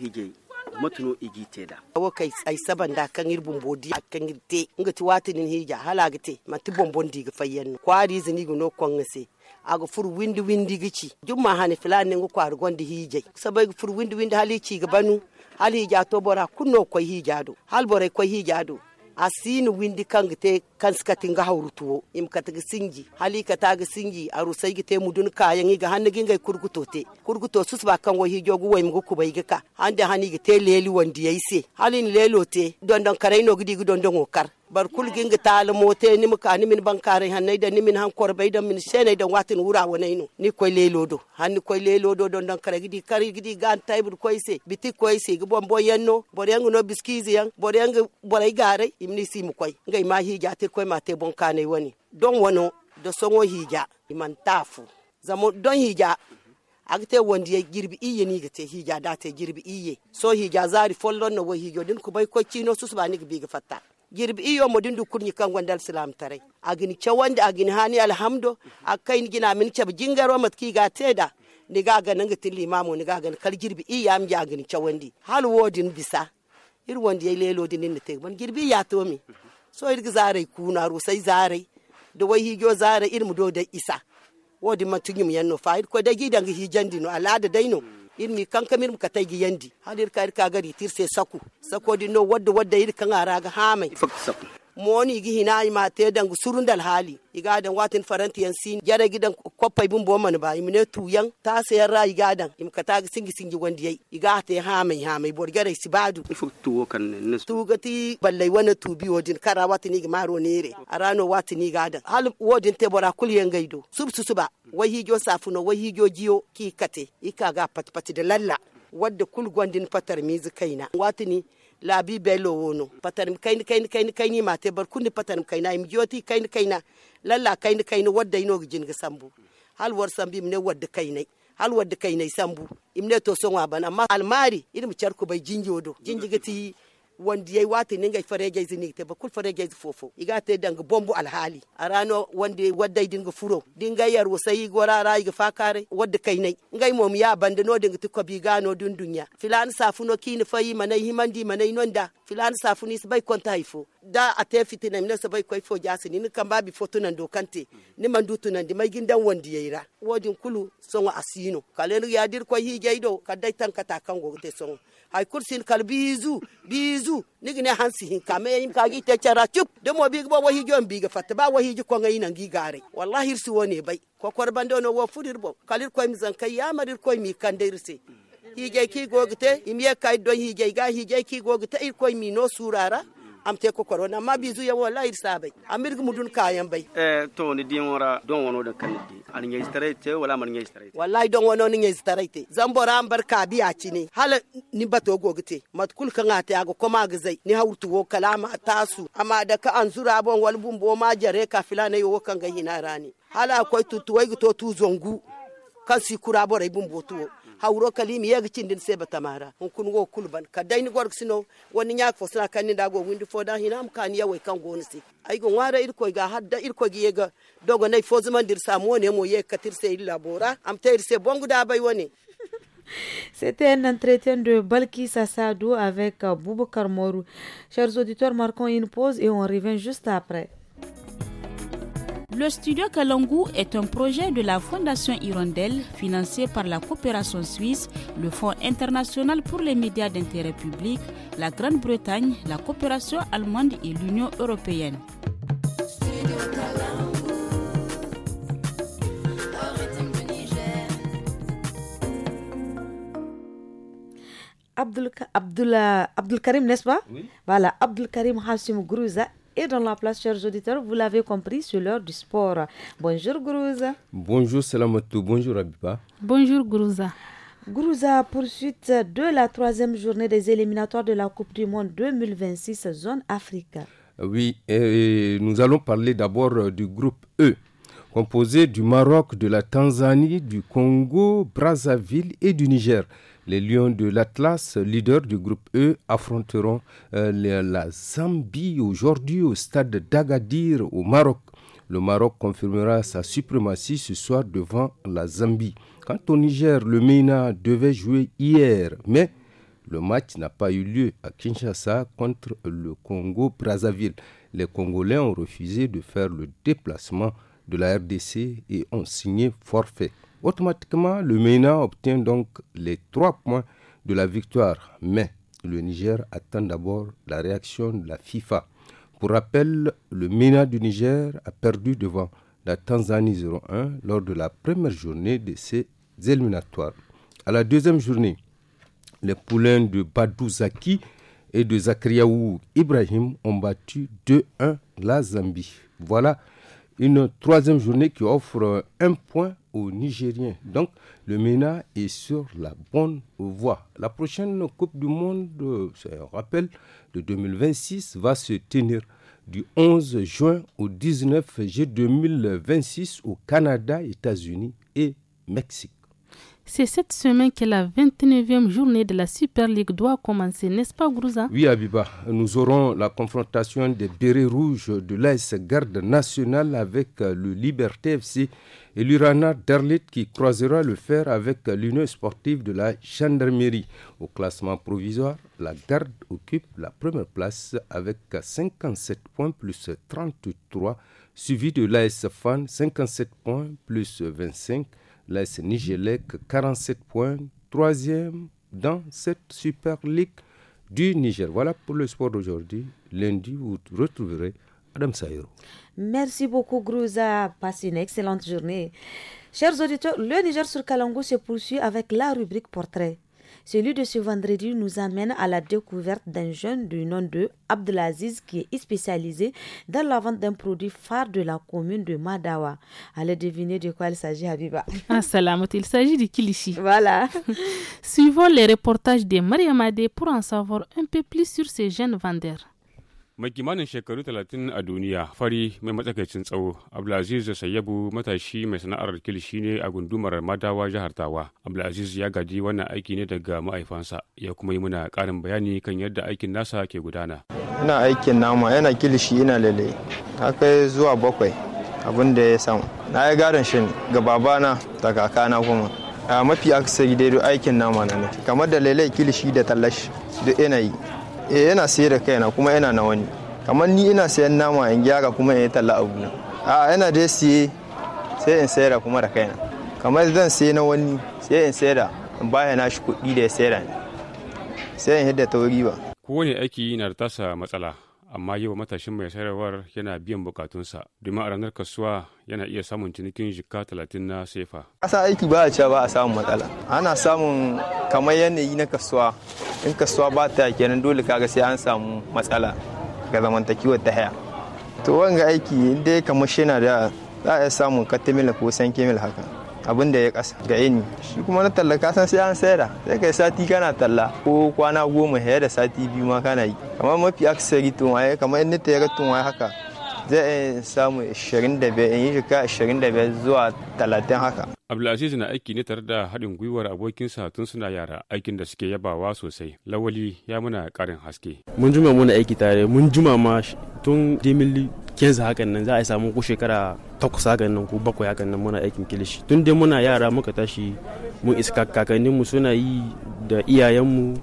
hije matuno igite da awo kai ai saban da kan irbun bodi kan irte inga ti watinin hija hala gite mati bonbon diga fayyan kwari zini no kon ngase aga fur windi windi gici jumma hani filani ngu kwari gondi hije sabai fur windi windi hali ci gabanu hali hija to bora kunno koy hija do hal bora koy hija asini windi kangi te kansikati nga haurutuwo imkati gisinji hali ikata gisinji arusai gite mudun kaya ngiga hanne ginga kurguto te kurguto susu baka ngwa hiyo guwa imgu kuba igika hande hani gite leli wandiyaisi hali ni lelo te dondong karaino gidi gudondong okar bar kulgin tala mote ni muka ni min bankare hanai da ni min han korbe da min sene da watin wura wonai no ni koy lelo do han ni koy lelo do don don kare gidi kare gidi gan taibur koy se biti koy se go bon bor yang no biskizi yang bor ay gare imni sim koy ngai ma hija te koy ma te bon kane woni don wono do songo hija iman tafu zamo don hija agte wondi girbi iye ni gate hija ja date girbi iye so hija zari follon no wo hijo din bay ko chino susba ni gbi gfatta girbi iyo modin du kurni kan d'al silam tare agini chawande agini hani alhamdo akain gina min chab jingaro matki ga teda ni ga ga nanga tilli mamu ni ga ga kal girbi iya am ja agini chawandi hal wodin bisa ir wandi ye lelo din ni te ban girbi ya to mi so ir zare kuna ru sai zare da wai higo zare ir mu do da isa wodi matugim yanno fa ko da gidan hijandi no alada daino in mi kanka mir ka taygi yandi hadir ka ir ka gari tirse saku sako di no wadda wadda ir kan ara ga hamai moni gi hina ma te dang surun dal hali iga dan watin faranti yan sin yara gidan koppai bun bo man ba imne tuyan ta sayar ra iga dan im kata singi singi wandi yai iga te ha mai ha mai bor gare sibadu ifu tuwo kan ne tu gati ballai wana bi wodin kara watin gi maro nere arano watin ga dan hal wodin te bora kul yan gaido sub suba wahi jo safuno wahi jo jiyo ki kate ikaga ga pat pat da lalla wadda kul gondin fatar mizi kaina watini labi belo wono patarim kaini kaini kaini kaini ma te bar kunni patarim kaina im joti kaini kaina lalla kaini kaini wadda ino gijin ga sambu hal war sambi ne wadda kainai hal wadda kainai sambu imne to sonwa ban amma almari irim charku bai jinjodo jinjigati wanda yayi wata ninga fareja ni te ba kul fareja iz fofo iga te danga bombu alhali arano wanda wadda dinga furo dinga yar wasai gora ra ga fakare wadda kainai ngai mom ya banda no dinga tuko bi gano dun dunya filan safuno kini fayi manai himandi manai nonda filan safuni bai konta ifo da a ta fiti na mina sabai kwai fo jasi mhm. ni kan ba bi foto nan kante ni man dutu nan di mai gindan wandi yira wodin kulu son wa asino kalen ya dir kwai hi jaido ka dai tan kata kan go te son hay kursin kal bizu bizu ni gine hansi hin ka me yim ka gi te chara chup de mo bi go wa hi jom bi ga fat ba wa hi ji ko ngai nan gi gare wallahi irsi woni bai ko korban do no wo fudir bo kalir kwai mizan kai ya marir kwai mi kan dai irsi hi mm. hijai ki gogite imiye kai hi hijai ga hi hijai ki gogite ir kwai mi no surara am te ko corona ma zu ya wallahi ir sabai amir mudun kayan bai eh to ni din wara don wono da kan di an ngai straight wala man ngai straight wallahi don wono ni ngai straight zambora an barka bi ci cini. hala ni bato gogite kul kan ata ya go koma gizai ni hawtu wo kalama tasu amma da ka an zura bon wal bo ma jare ka filana yo kan ga hina rani hala akwai tutuwai to tu zongu kan si kurabo rai bo tuwo hauro kalim yeg cindin seba tamara hun kun go kulban kadai ni gorg sino woni nyak fo sna kan nda go windi fo da hinam kan yawe kan gonsi ay go ngara il koy ga hadda il koy yega dogo nay fo zaman dir samo ne mo katir se illa bora am tayir se bongu da bay woni C'était un entretien de Balki Sassadou avec Boubacar Morou. Chers auditeurs, marquons une pause et on revient juste après. Le studio Kalangu est un projet de la Fondation Hirondelle financé par la coopération suisse, le Fonds international pour les médias d'intérêt public, la Grande-Bretagne, la coopération allemande et l'Union européenne. Abdul, Karim, n'est-ce Voilà, Abdul Karim Hassim Grouza et dans la place, chers auditeurs, vous l'avez compris, c'est l'heure du sport. Bonjour Grouza. Bonjour Salamatou, bonjour Abiba. Bonjour Grouza. Grouza, poursuite de la troisième journée des éliminatoires de la Coupe du Monde 2026 zone Afrique. Oui, nous allons parler d'abord euh, du groupe E, composé du Maroc, de la Tanzanie, du Congo, Brazzaville et du Niger. Les Lions de l'Atlas, leader du groupe E, affronteront euh, la Zambie aujourd'hui au stade d'Agadir au Maroc. Le Maroc confirmera sa suprématie ce soir devant la Zambie. Quant au Niger, le MENA devait jouer hier, mais le match n'a pas eu lieu à Kinshasa contre le Congo-Brazzaville. Les Congolais ont refusé de faire le déplacement de la RDC et ont signé forfait. Automatiquement, le MENA obtient donc les trois points de la victoire. Mais le Niger attend d'abord la réaction de la FIFA. Pour rappel, le MENA du Niger a perdu devant la Tanzanie 0-1 lors de la première journée de ses éliminatoires. À la deuxième journée, les poulains de Badou Zaki et de Zakriaou Ibrahim ont battu 2-1 la Zambie. Voilà une troisième journée qui offre un point Nigériens. Donc, le MENA est sur la bonne voie. La prochaine Coupe du Monde, c'est un rappel, de 2026 va se tenir du 11 juin au 19 juillet 2026 au Canada, États-Unis et Mexique. C'est cette semaine que la 29e journée de la Super League doit commencer, n'est-ce pas, Grouza Oui, Abiba. Nous aurons la confrontation des Bérets Rouges de l'AS Garde Nationale avec euh, le Liberté FC et l'Urana Derlit qui croisera le fer avec euh, l'Union sportive de la gendarmerie. Au classement provisoire, la Garde occupe la première place avec 57 euh, points plus 33, suivi de l'AS Fan 57 points plus 25 l'AS Nigelec 47 points, troisième dans cette Super ligue du Niger. Voilà pour le sport d'aujourd'hui. Lundi, vous retrouverez Adam Sayro. Merci beaucoup, Grouza. Passez une excellente journée. Chers auditeurs, le Niger sur Kalango se poursuit avec la rubrique Portrait. Celui de ce vendredi nous amène à la découverte d'un jeune du nom de Abdelaziz qui est spécialisé dans la vente d'un produit phare de la commune de Madawa. Allez deviner de quoi il s'agit, Habiba. Assalamu, ah, alaikum, il s'agit du kilichi. Voilà. Suivons les reportages de Mariamade pour en savoir un peu plus sur ces jeunes vendeurs. mai kimanin shekaru 30 a duniya fari mai matsakaicin tsawo abdulaziz sayyabu matashi mai sana'ar kilishi ne a gundumar madawa jihar tawa abdulaziz ya gaji wannan aiki ne daga ma'aifansa ya kuma yi muna karin bayani kan yadda aikin nasa ke gudana ina aikin nama yana kilishi ina lele haka zuwa bakwai abin da ya samu na ya gadon shi ga babana da kakana kuma a mafi akasari daidai aikin nama na ne kamar da lele kilishi da tallashi duk ina yi eh yana sayar da kaina kuma yana na wani kamar ni ina sayan nama in gyara kuma in yi talla abu na a yana dai siye sai in sayar kuma da kaina kamar zan sayi na wani sai in sayar in baya na shi kuɗi da ya sayar sai in hidda ta wuri ba kowane aiki na da tasa matsala amma yau matashin mai sayarwar yana biyan bukatunsa domin a ranar kasuwa yana iya samun cinikin jika talatin na sefa asa aiki ba a cewa ba a samun matsala ana samun kamar yanayi na kasuwa in kasuwa ba ta kenan dole kaga sai an samu matsala ga zamantakewa ta haya to wanga aiki inda kamar shi na da za a iya samun katamila ko san kemil haka abin da ya kasa ga ini shi kuma na talla kasan sai an sayar sai kai sati kana talla ko kwana goma ya da sati biyu ma kana yi kamar mafi aksari tun waye kamar in ta yaga tun waye haka zai iya samu 25 in yi ka 25 zuwa 30 haka Abdulaziz na aiki ne tare da haɗin gwiwar abokinsa tun suna yara aikin da suke yabawa sosai. Lawali ya muna ƙarin haske. Mun juma muna aiki tare, mun juma ma tun kenza hakan nan za a samu ko shekara takwas hakan nan ko bakwai hakan nan muna aikin kilishi tun dai muna yara muka tashi mun iska kakannin mu suna yi da iyayen mu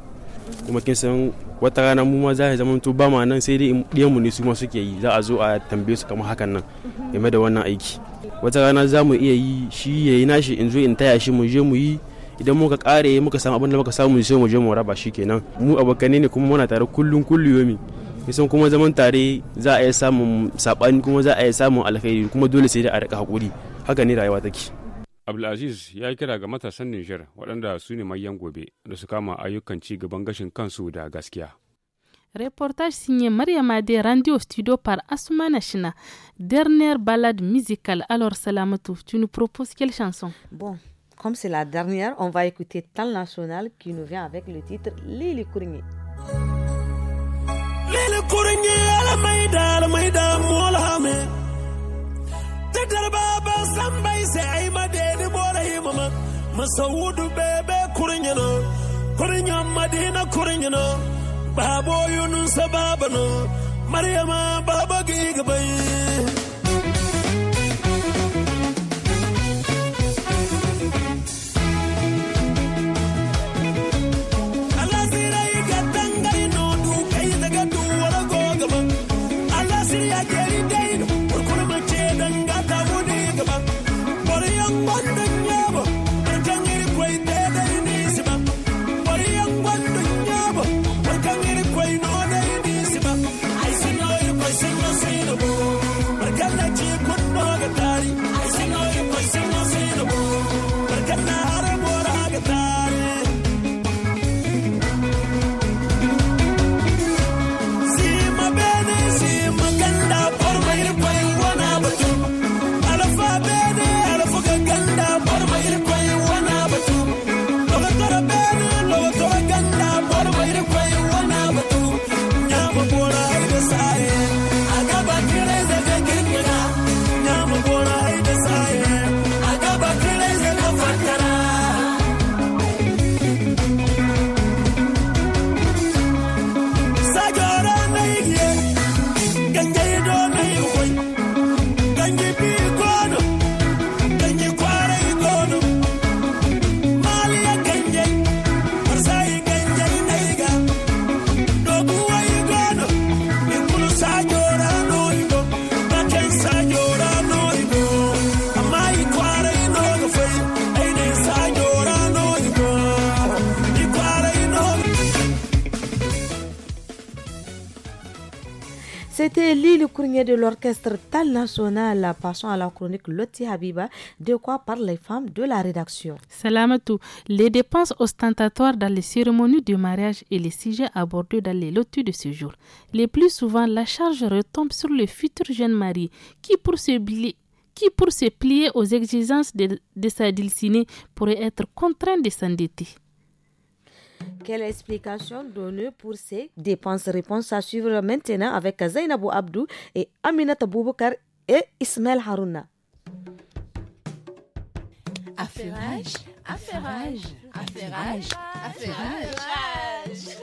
kuma kin san wata rana mu ma za a zama to ba ma nan sai dai ɗiyan mu ne su ma suke yi za a zo a tambaye su kamar hakan nan game da wannan aiki wata rana za mu iya yi shi ya yi nashi in zo in taya shi mu je mu yi idan muka kare muka samu abin da muka samu sai mu je mu raba shi kenan mu abokane ne kuma muna tare kullum kullun yomi kusan kuma zaman tare za a yi samun saɓani kuma za a yi samun alkhairi kuma dole sai da a rika hakuri haka ne rayuwa take abdulaziz ya yi kira ga matasan nijar waɗanda su ne mayan gobe da su kama ayyukan ci gaban gashin kansu da gaskiya Reportage signé Maria Made rendu au studio par Asuma Nashina. Dernière balade musicale. Alors, Salamatou, tu nous proposes quelle chanson Bon, comme c'est la dernière, on va écouter Tal National qui nous vient avec le titre Lili Kourni. lele kuringe ala maida ala maida mola hame tedar baba sambai sai madene mola himama masawudu bebe kuringe no kuringe madina kuringe no babo yunus baba no maryama baba gigabai de l'orchestre Tal National. passion à la chronique Loti Habiba. De quoi parlent les femmes de la rédaction Salamatou. Les dépenses ostentatoires dans les cérémonies de mariage et les sujets abordés dans les lotus de ce jour. Les plus souvent, la charge retombe sur le futur jeune mari qui, pour se qui, pour se plier aux exigences de, sa dulcinée, pourrait être contraint de s'endetter. Quelle explication donner pour ces dépenses Réponse à suivre maintenant avec Zainabou Abdou et Aminata Bouboukar et Ismaël Harouna. Affairage, affairage, affairage, affairage.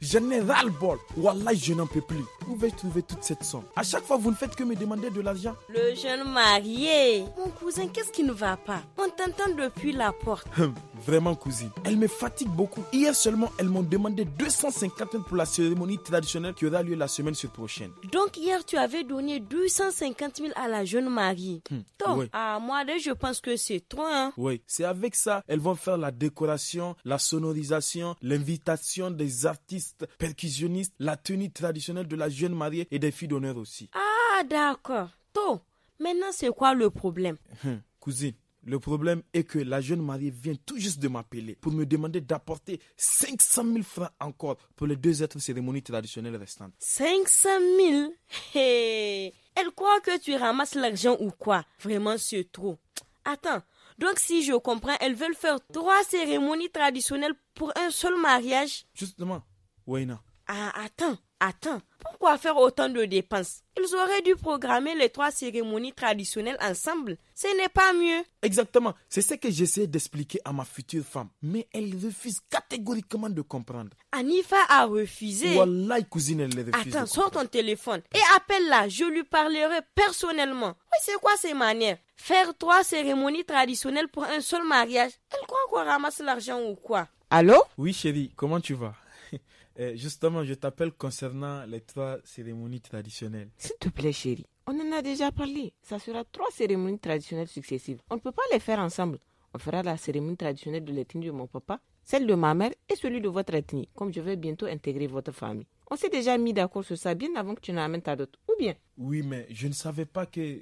J'en ai ras le bol, Wallah, je n'en peux plus. Où vais-je trouver toute cette somme À chaque fois, vous ne faites que me demander de l'argent. Le jeune marié. Mon cousin, qu'est-ce qui ne va pas On t'entend depuis la porte. Hum, vraiment, cousine. Elle me fatigue beaucoup. Hier seulement, elles m'ont demandé 250 000 pour la cérémonie traditionnelle qui aura lieu la semaine prochaine. Donc, hier, tu avais donné 250 000 à la jeune mariée. Donc, hum, à moi, je pense que c'est toi. Hein. Oui, c'est avec ça, elles vont faire la décoration, la sonorisation, l'invitation des artistes percussionnistes, la tenue traditionnelle de la jeunes mariés et des filles d'honneur aussi. Ah, d'accord. To, maintenant c'est quoi le problème hum, Cousine, le problème est que la jeune mariée vient tout juste de m'appeler pour me demander d'apporter 500 000 francs encore pour les deux autres cérémonies traditionnelles restantes. 500 000 hey. Elle croit que tu ramasses l'argent ou quoi Vraiment, c'est trop. Attends, donc si je comprends, elles veulent faire trois cérémonies traditionnelles pour un seul mariage Justement, Wayna, ah, attends, attends. Pourquoi faire autant de dépenses Ils auraient dû programmer les trois cérémonies traditionnelles ensemble. Ce n'est pas mieux. Exactement. C'est ce que j'essaie d'expliquer à ma future femme. Mais elle refuse catégoriquement de comprendre. Anifa a refusé. Voilà, cousine, elle refuse. Attends, sort ton téléphone et appelle-la. Je lui parlerai personnellement. Oui, c'est quoi ces manières Faire trois cérémonies traditionnelles pour un seul mariage Elle croit qu'on ramasse l'argent ou quoi Allô Oui, chérie, comment tu vas euh, justement, je t'appelle concernant les trois cérémonies traditionnelles. S'il te plaît, chérie, on en a déjà parlé. Ça sera trois cérémonies traditionnelles successives. On ne peut pas les faire ensemble. On fera la cérémonie traditionnelle de l'ethnie de mon papa, celle de ma mère et celui de votre ethnie, comme je vais bientôt intégrer votre famille. On s'est déjà mis d'accord sur ça bien avant que tu n'amènes ta dot, ou bien Oui, mais je ne savais pas que euh,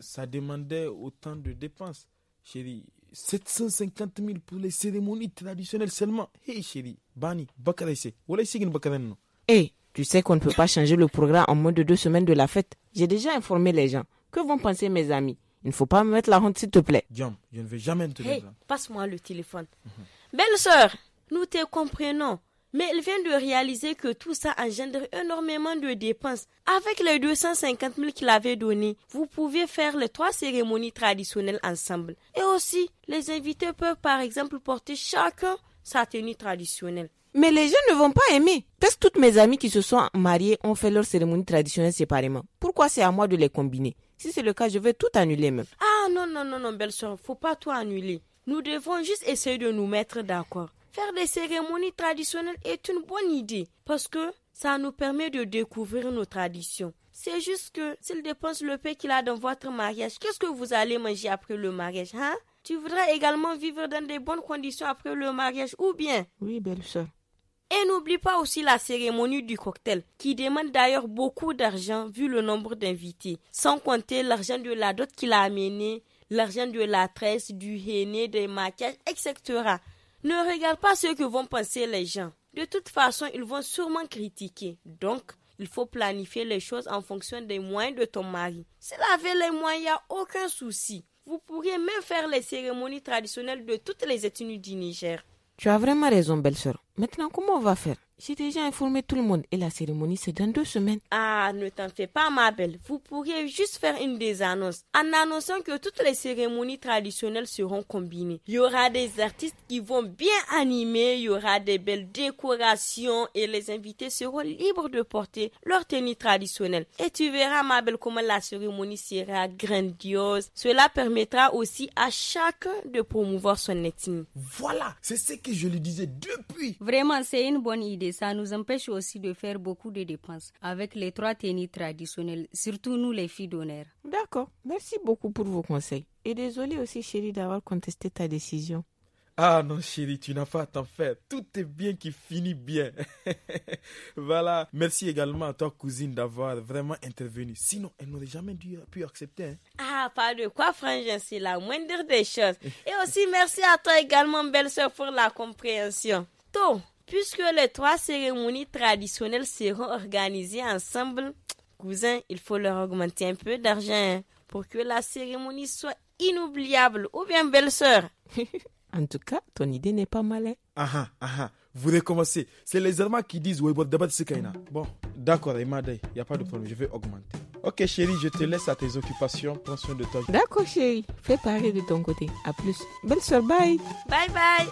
ça demandait autant de dépenses. Chérie, 750 000 pour les cérémonies traditionnelles seulement. Hé hey, chérie, Bani, a une Hé, tu sais qu'on ne peut pas changer le programme en moins de deux semaines de la fête. J'ai déjà informé les gens. Que vont penser mes amis Il ne faut pas me mettre la honte, s'il te plaît. Diam, je ne vais jamais te hey, Passe-moi le téléphone. Mhm. Belle sœur, nous te comprenons mais elle vient de réaliser que tout ça engendre énormément de dépenses. Avec les 250 000 qu'il avait donnés, vous pouvez faire les trois cérémonies traditionnelles ensemble. Et aussi, les invités peuvent par exemple porter chacun sa tenue traditionnelle. Mais les gens ne vont pas aimer. Parce que toutes mes amies qui se sont mariées ont fait leur cérémonie traditionnelle séparément. Pourquoi c'est à moi de les combiner Si c'est le cas, je vais tout annuler même. Ah non, non, non, non, belle soeur, faut pas tout annuler. Nous devons juste essayer de nous mettre d'accord faire des cérémonies traditionnelles est une bonne idée parce que ça nous permet de découvrir nos traditions. C'est juste que s'il dépense le paix qu'il a dans votre mariage, qu'est-ce que vous allez manger après le mariage, hein? Tu voudras également vivre dans de bonnes conditions après le mariage ou bien? Oui, belle soeur. Et n'oublie pas aussi la cérémonie du cocktail, qui demande d'ailleurs beaucoup d'argent vu le nombre d'invités, sans compter l'argent de la dot qu'il a amené, l'argent de la tresse, du henné, des maquillages, etc. Ne regarde pas ce que vont penser les gens. De toute façon, ils vont sûrement critiquer. Donc, il faut planifier les choses en fonction des moyens de ton mari. S'il avait les moyens, il n'y a aucun souci. Vous pourriez même faire les cérémonies traditionnelles de toutes les ethnies du Niger. Tu as vraiment raison, belle-sœur. Maintenant, comment on va faire j'ai déjà informé tout le monde et la cérémonie, c'est dans deux semaines. Ah, ne t'en fais pas, ma belle. Vous pourriez juste faire une des annonces. En annonçant que toutes les cérémonies traditionnelles seront combinées. Il y aura des artistes qui vont bien animer, il y aura des belles décorations et les invités seront libres de porter leur tenue traditionnelle. Et tu verras, ma belle, comment la cérémonie sera grandiose. Cela permettra aussi à chacun de promouvoir son ethnie. Voilà, c'est ce que je lui disais depuis. Vraiment, c'est une bonne idée ça nous empêche aussi de faire beaucoup de dépenses avec les trois tenues traditionnelles, surtout nous les filles d'honneur. D'accord, merci beaucoup pour vos conseils. Et désolé aussi chérie d'avoir contesté ta décision. Ah non chérie, tu n'as pas à t'en faire. Tout est bien qui finit bien. voilà. Merci également à toi cousine d'avoir vraiment intervenu. Sinon, elle n'aurait jamais dû, pu accepter. Hein. Ah, pas de quoi frangin, c'est la moindre des choses. Et aussi merci à toi également belle-sœur pour la compréhension. Tôt. Puisque les trois cérémonies traditionnelles seront organisées ensemble, cousin, il faut leur augmenter un peu d'argent pour que la cérémonie soit inoubliable. Ou bien belle-sœur. en tout cas, ton idée n'est pas mal. Ah ah ah. Vous recommencez. C'est les Allemands qui disent oui, bon, Bon, d'accord, il n'y a pas de problème, je vais augmenter. Ok, chérie, je te laisse à tes occupations. Prends soin de toi. D'accord, chérie. Fais pareil de ton côté. À plus. Belle soeur, bye. Bye bye.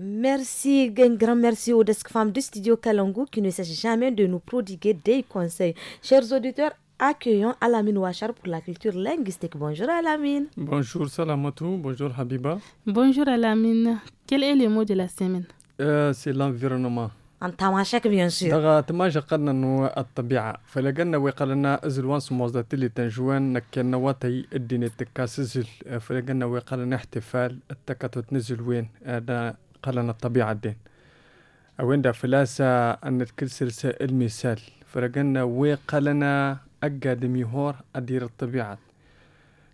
Merci, un grand merci aux desk femmes du studio Kalangu qui ne cessent jamais de nous prodiguer des conseils. Chers auditeurs, accueillons Alamine Ouachar pour la culture linguistique. Bonjour Alamine. Bonjour Salamatou, bonjour Habiba. Bonjour Alamine. Quel est le mot de la semaine euh, C'est l'environnement. عن تماشاك بيان سور دغا تماشا قلنا نو الطبيعة فلقنا ويقالنا زلوان سموزدا تلي تنجوان نكنا واتي الدين التكاسزل فلقنا ويقالنا قلنا الطبيعة الدين أويندا فلاسة أن كل سلسة المثال فرقنا قلنا أقادمي هور أدير الطبيعة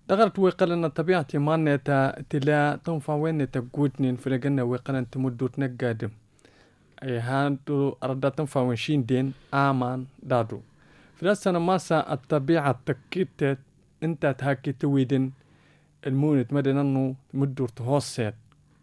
دغرت قلنا الطبيعة مانا تلا تنفع وين تقودنين فرقنا قلنا تمدو تنقادم أي هانتو أردا تنفع وين دين آمان دادو فلاسة ماسا الطبيعة تكيتت انت تهاكي تويدن المونت مدن انو مدور تهوسيت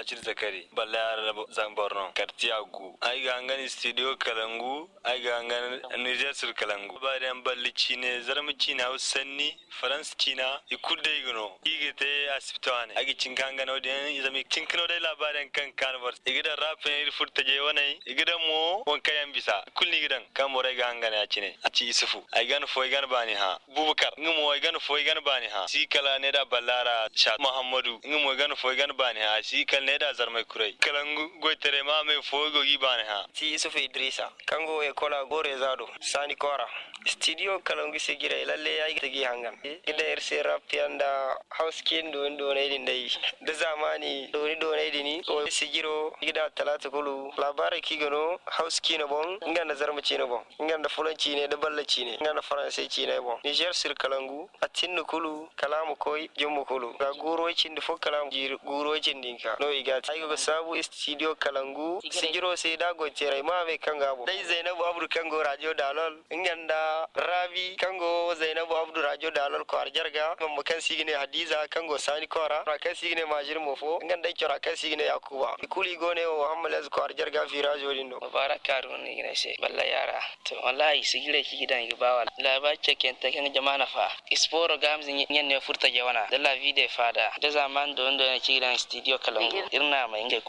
machir zakari ballayara zang borno kartiyagu ai gangan studio kalangu ai gangan niger sir kalangu bariyan balli chine zarmi china sanni france china ikudde igno igete asiptwane agi cinkangano den izami cinkino de labariyan kan kanvers igida rapen ir furta je wonai igida mo wonka yambisa kulni gidan kan borai gangan ya cine aci isufu ai gan foi gan bani ha bubakar ngimo ai gan foi gan bani ha si kala ne da ballara sha muhammadu ngimo gan foi gan bani ne da zarmai kurai kalangu goitere ma me fogo gi bane ha ti isufu idrisa kango e kola gore zado sani kora studio kalangu se gira lalle ya ga gi hangan ida er se rap yanda house kin do ndo ne din dai da zamani do ni do ne din ni o se giro gida talata kulu labare ki gano house kin bon inga na zarma ci ne bon inga da fulanci ne da ballaci ne inga da faransanci ne bon niger sir kalangu atin kulu kalamu koi jomu kulu ga guro e cin da fo kalamu guro e cin dinka no gal ay ko sabu studio kalangu sigiro se da go cere ma be kangabo dai zainabu abdu kango radio dalol nganda rabi kango zainabu abdu radio dalol ko arjarga mamma kan sigine hadiza kango sani kora ra kan sigine majir mofo nganda kira kan sigine yakuba kuli gone o hamalaz ko arjarga fi radio dindo mubaraka run ngina se balla yara to wallahi sigire ki gidan ki bawa la ba ceken ta kan jama'a fa isporo gamzin nyen ne furta jewana dalla vide fada da zaman don don ki gidan studio kalangu irna ma inga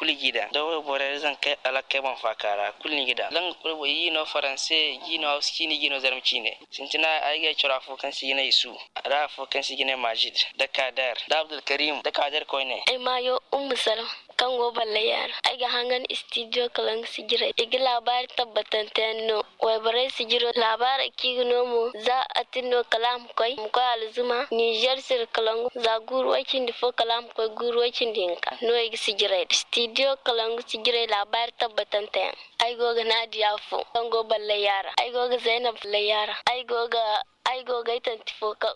da wai bore zan kai ala ban fakara kuligida lan kurbo yino faranse gino ne sun zarmcine sintina ga chora fo kan si ne isu ara fo kan si ne majid da kadar da abdul karim da kadar ne ai mayo ummu salam tango balla yara aiga hangan studio kalan sigira igi labar tabbatan tenno wai bare sigiro labar kigno mo za atinno kalam koy mukwai ko alzuma niger sir kalangu za guru wakin difo kalam koy guru wakin dinka no igi sigira studio kalangu sigira labar tabbatan ten aigo ga nadia fo tango balla yara aigo ga zainab balla yara aigo ga aigo ga tantifo ka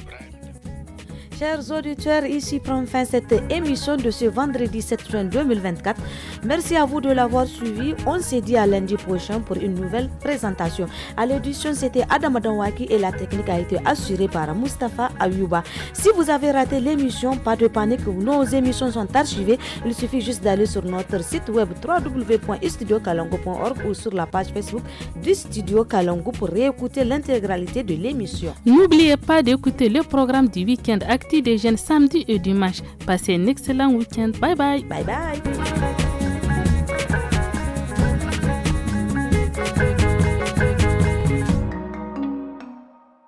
Ibrahim Chers auditeurs, ici prend fin cette émission de ce vendredi 7 juin 2024. Merci à vous de l'avoir suivi. On se dit à lundi prochain pour une nouvelle présentation. À l'édition, c'était Adam Adonwaki et la technique a été assurée par Mustapha Ayouba. Si vous avez raté l'émission, pas de panique, nos émissions sont archivées. Il suffit juste d'aller sur notre site web www.estudio-kalongo.org ou sur la page Facebook du Studio Kalongo pour réécouter l'intégralité de l'émission. N'oubliez pas d'écouter le programme du week-end actif des jeunes samedi et dimanche. Passez un excellent week-end. Bye bye. Bye bye.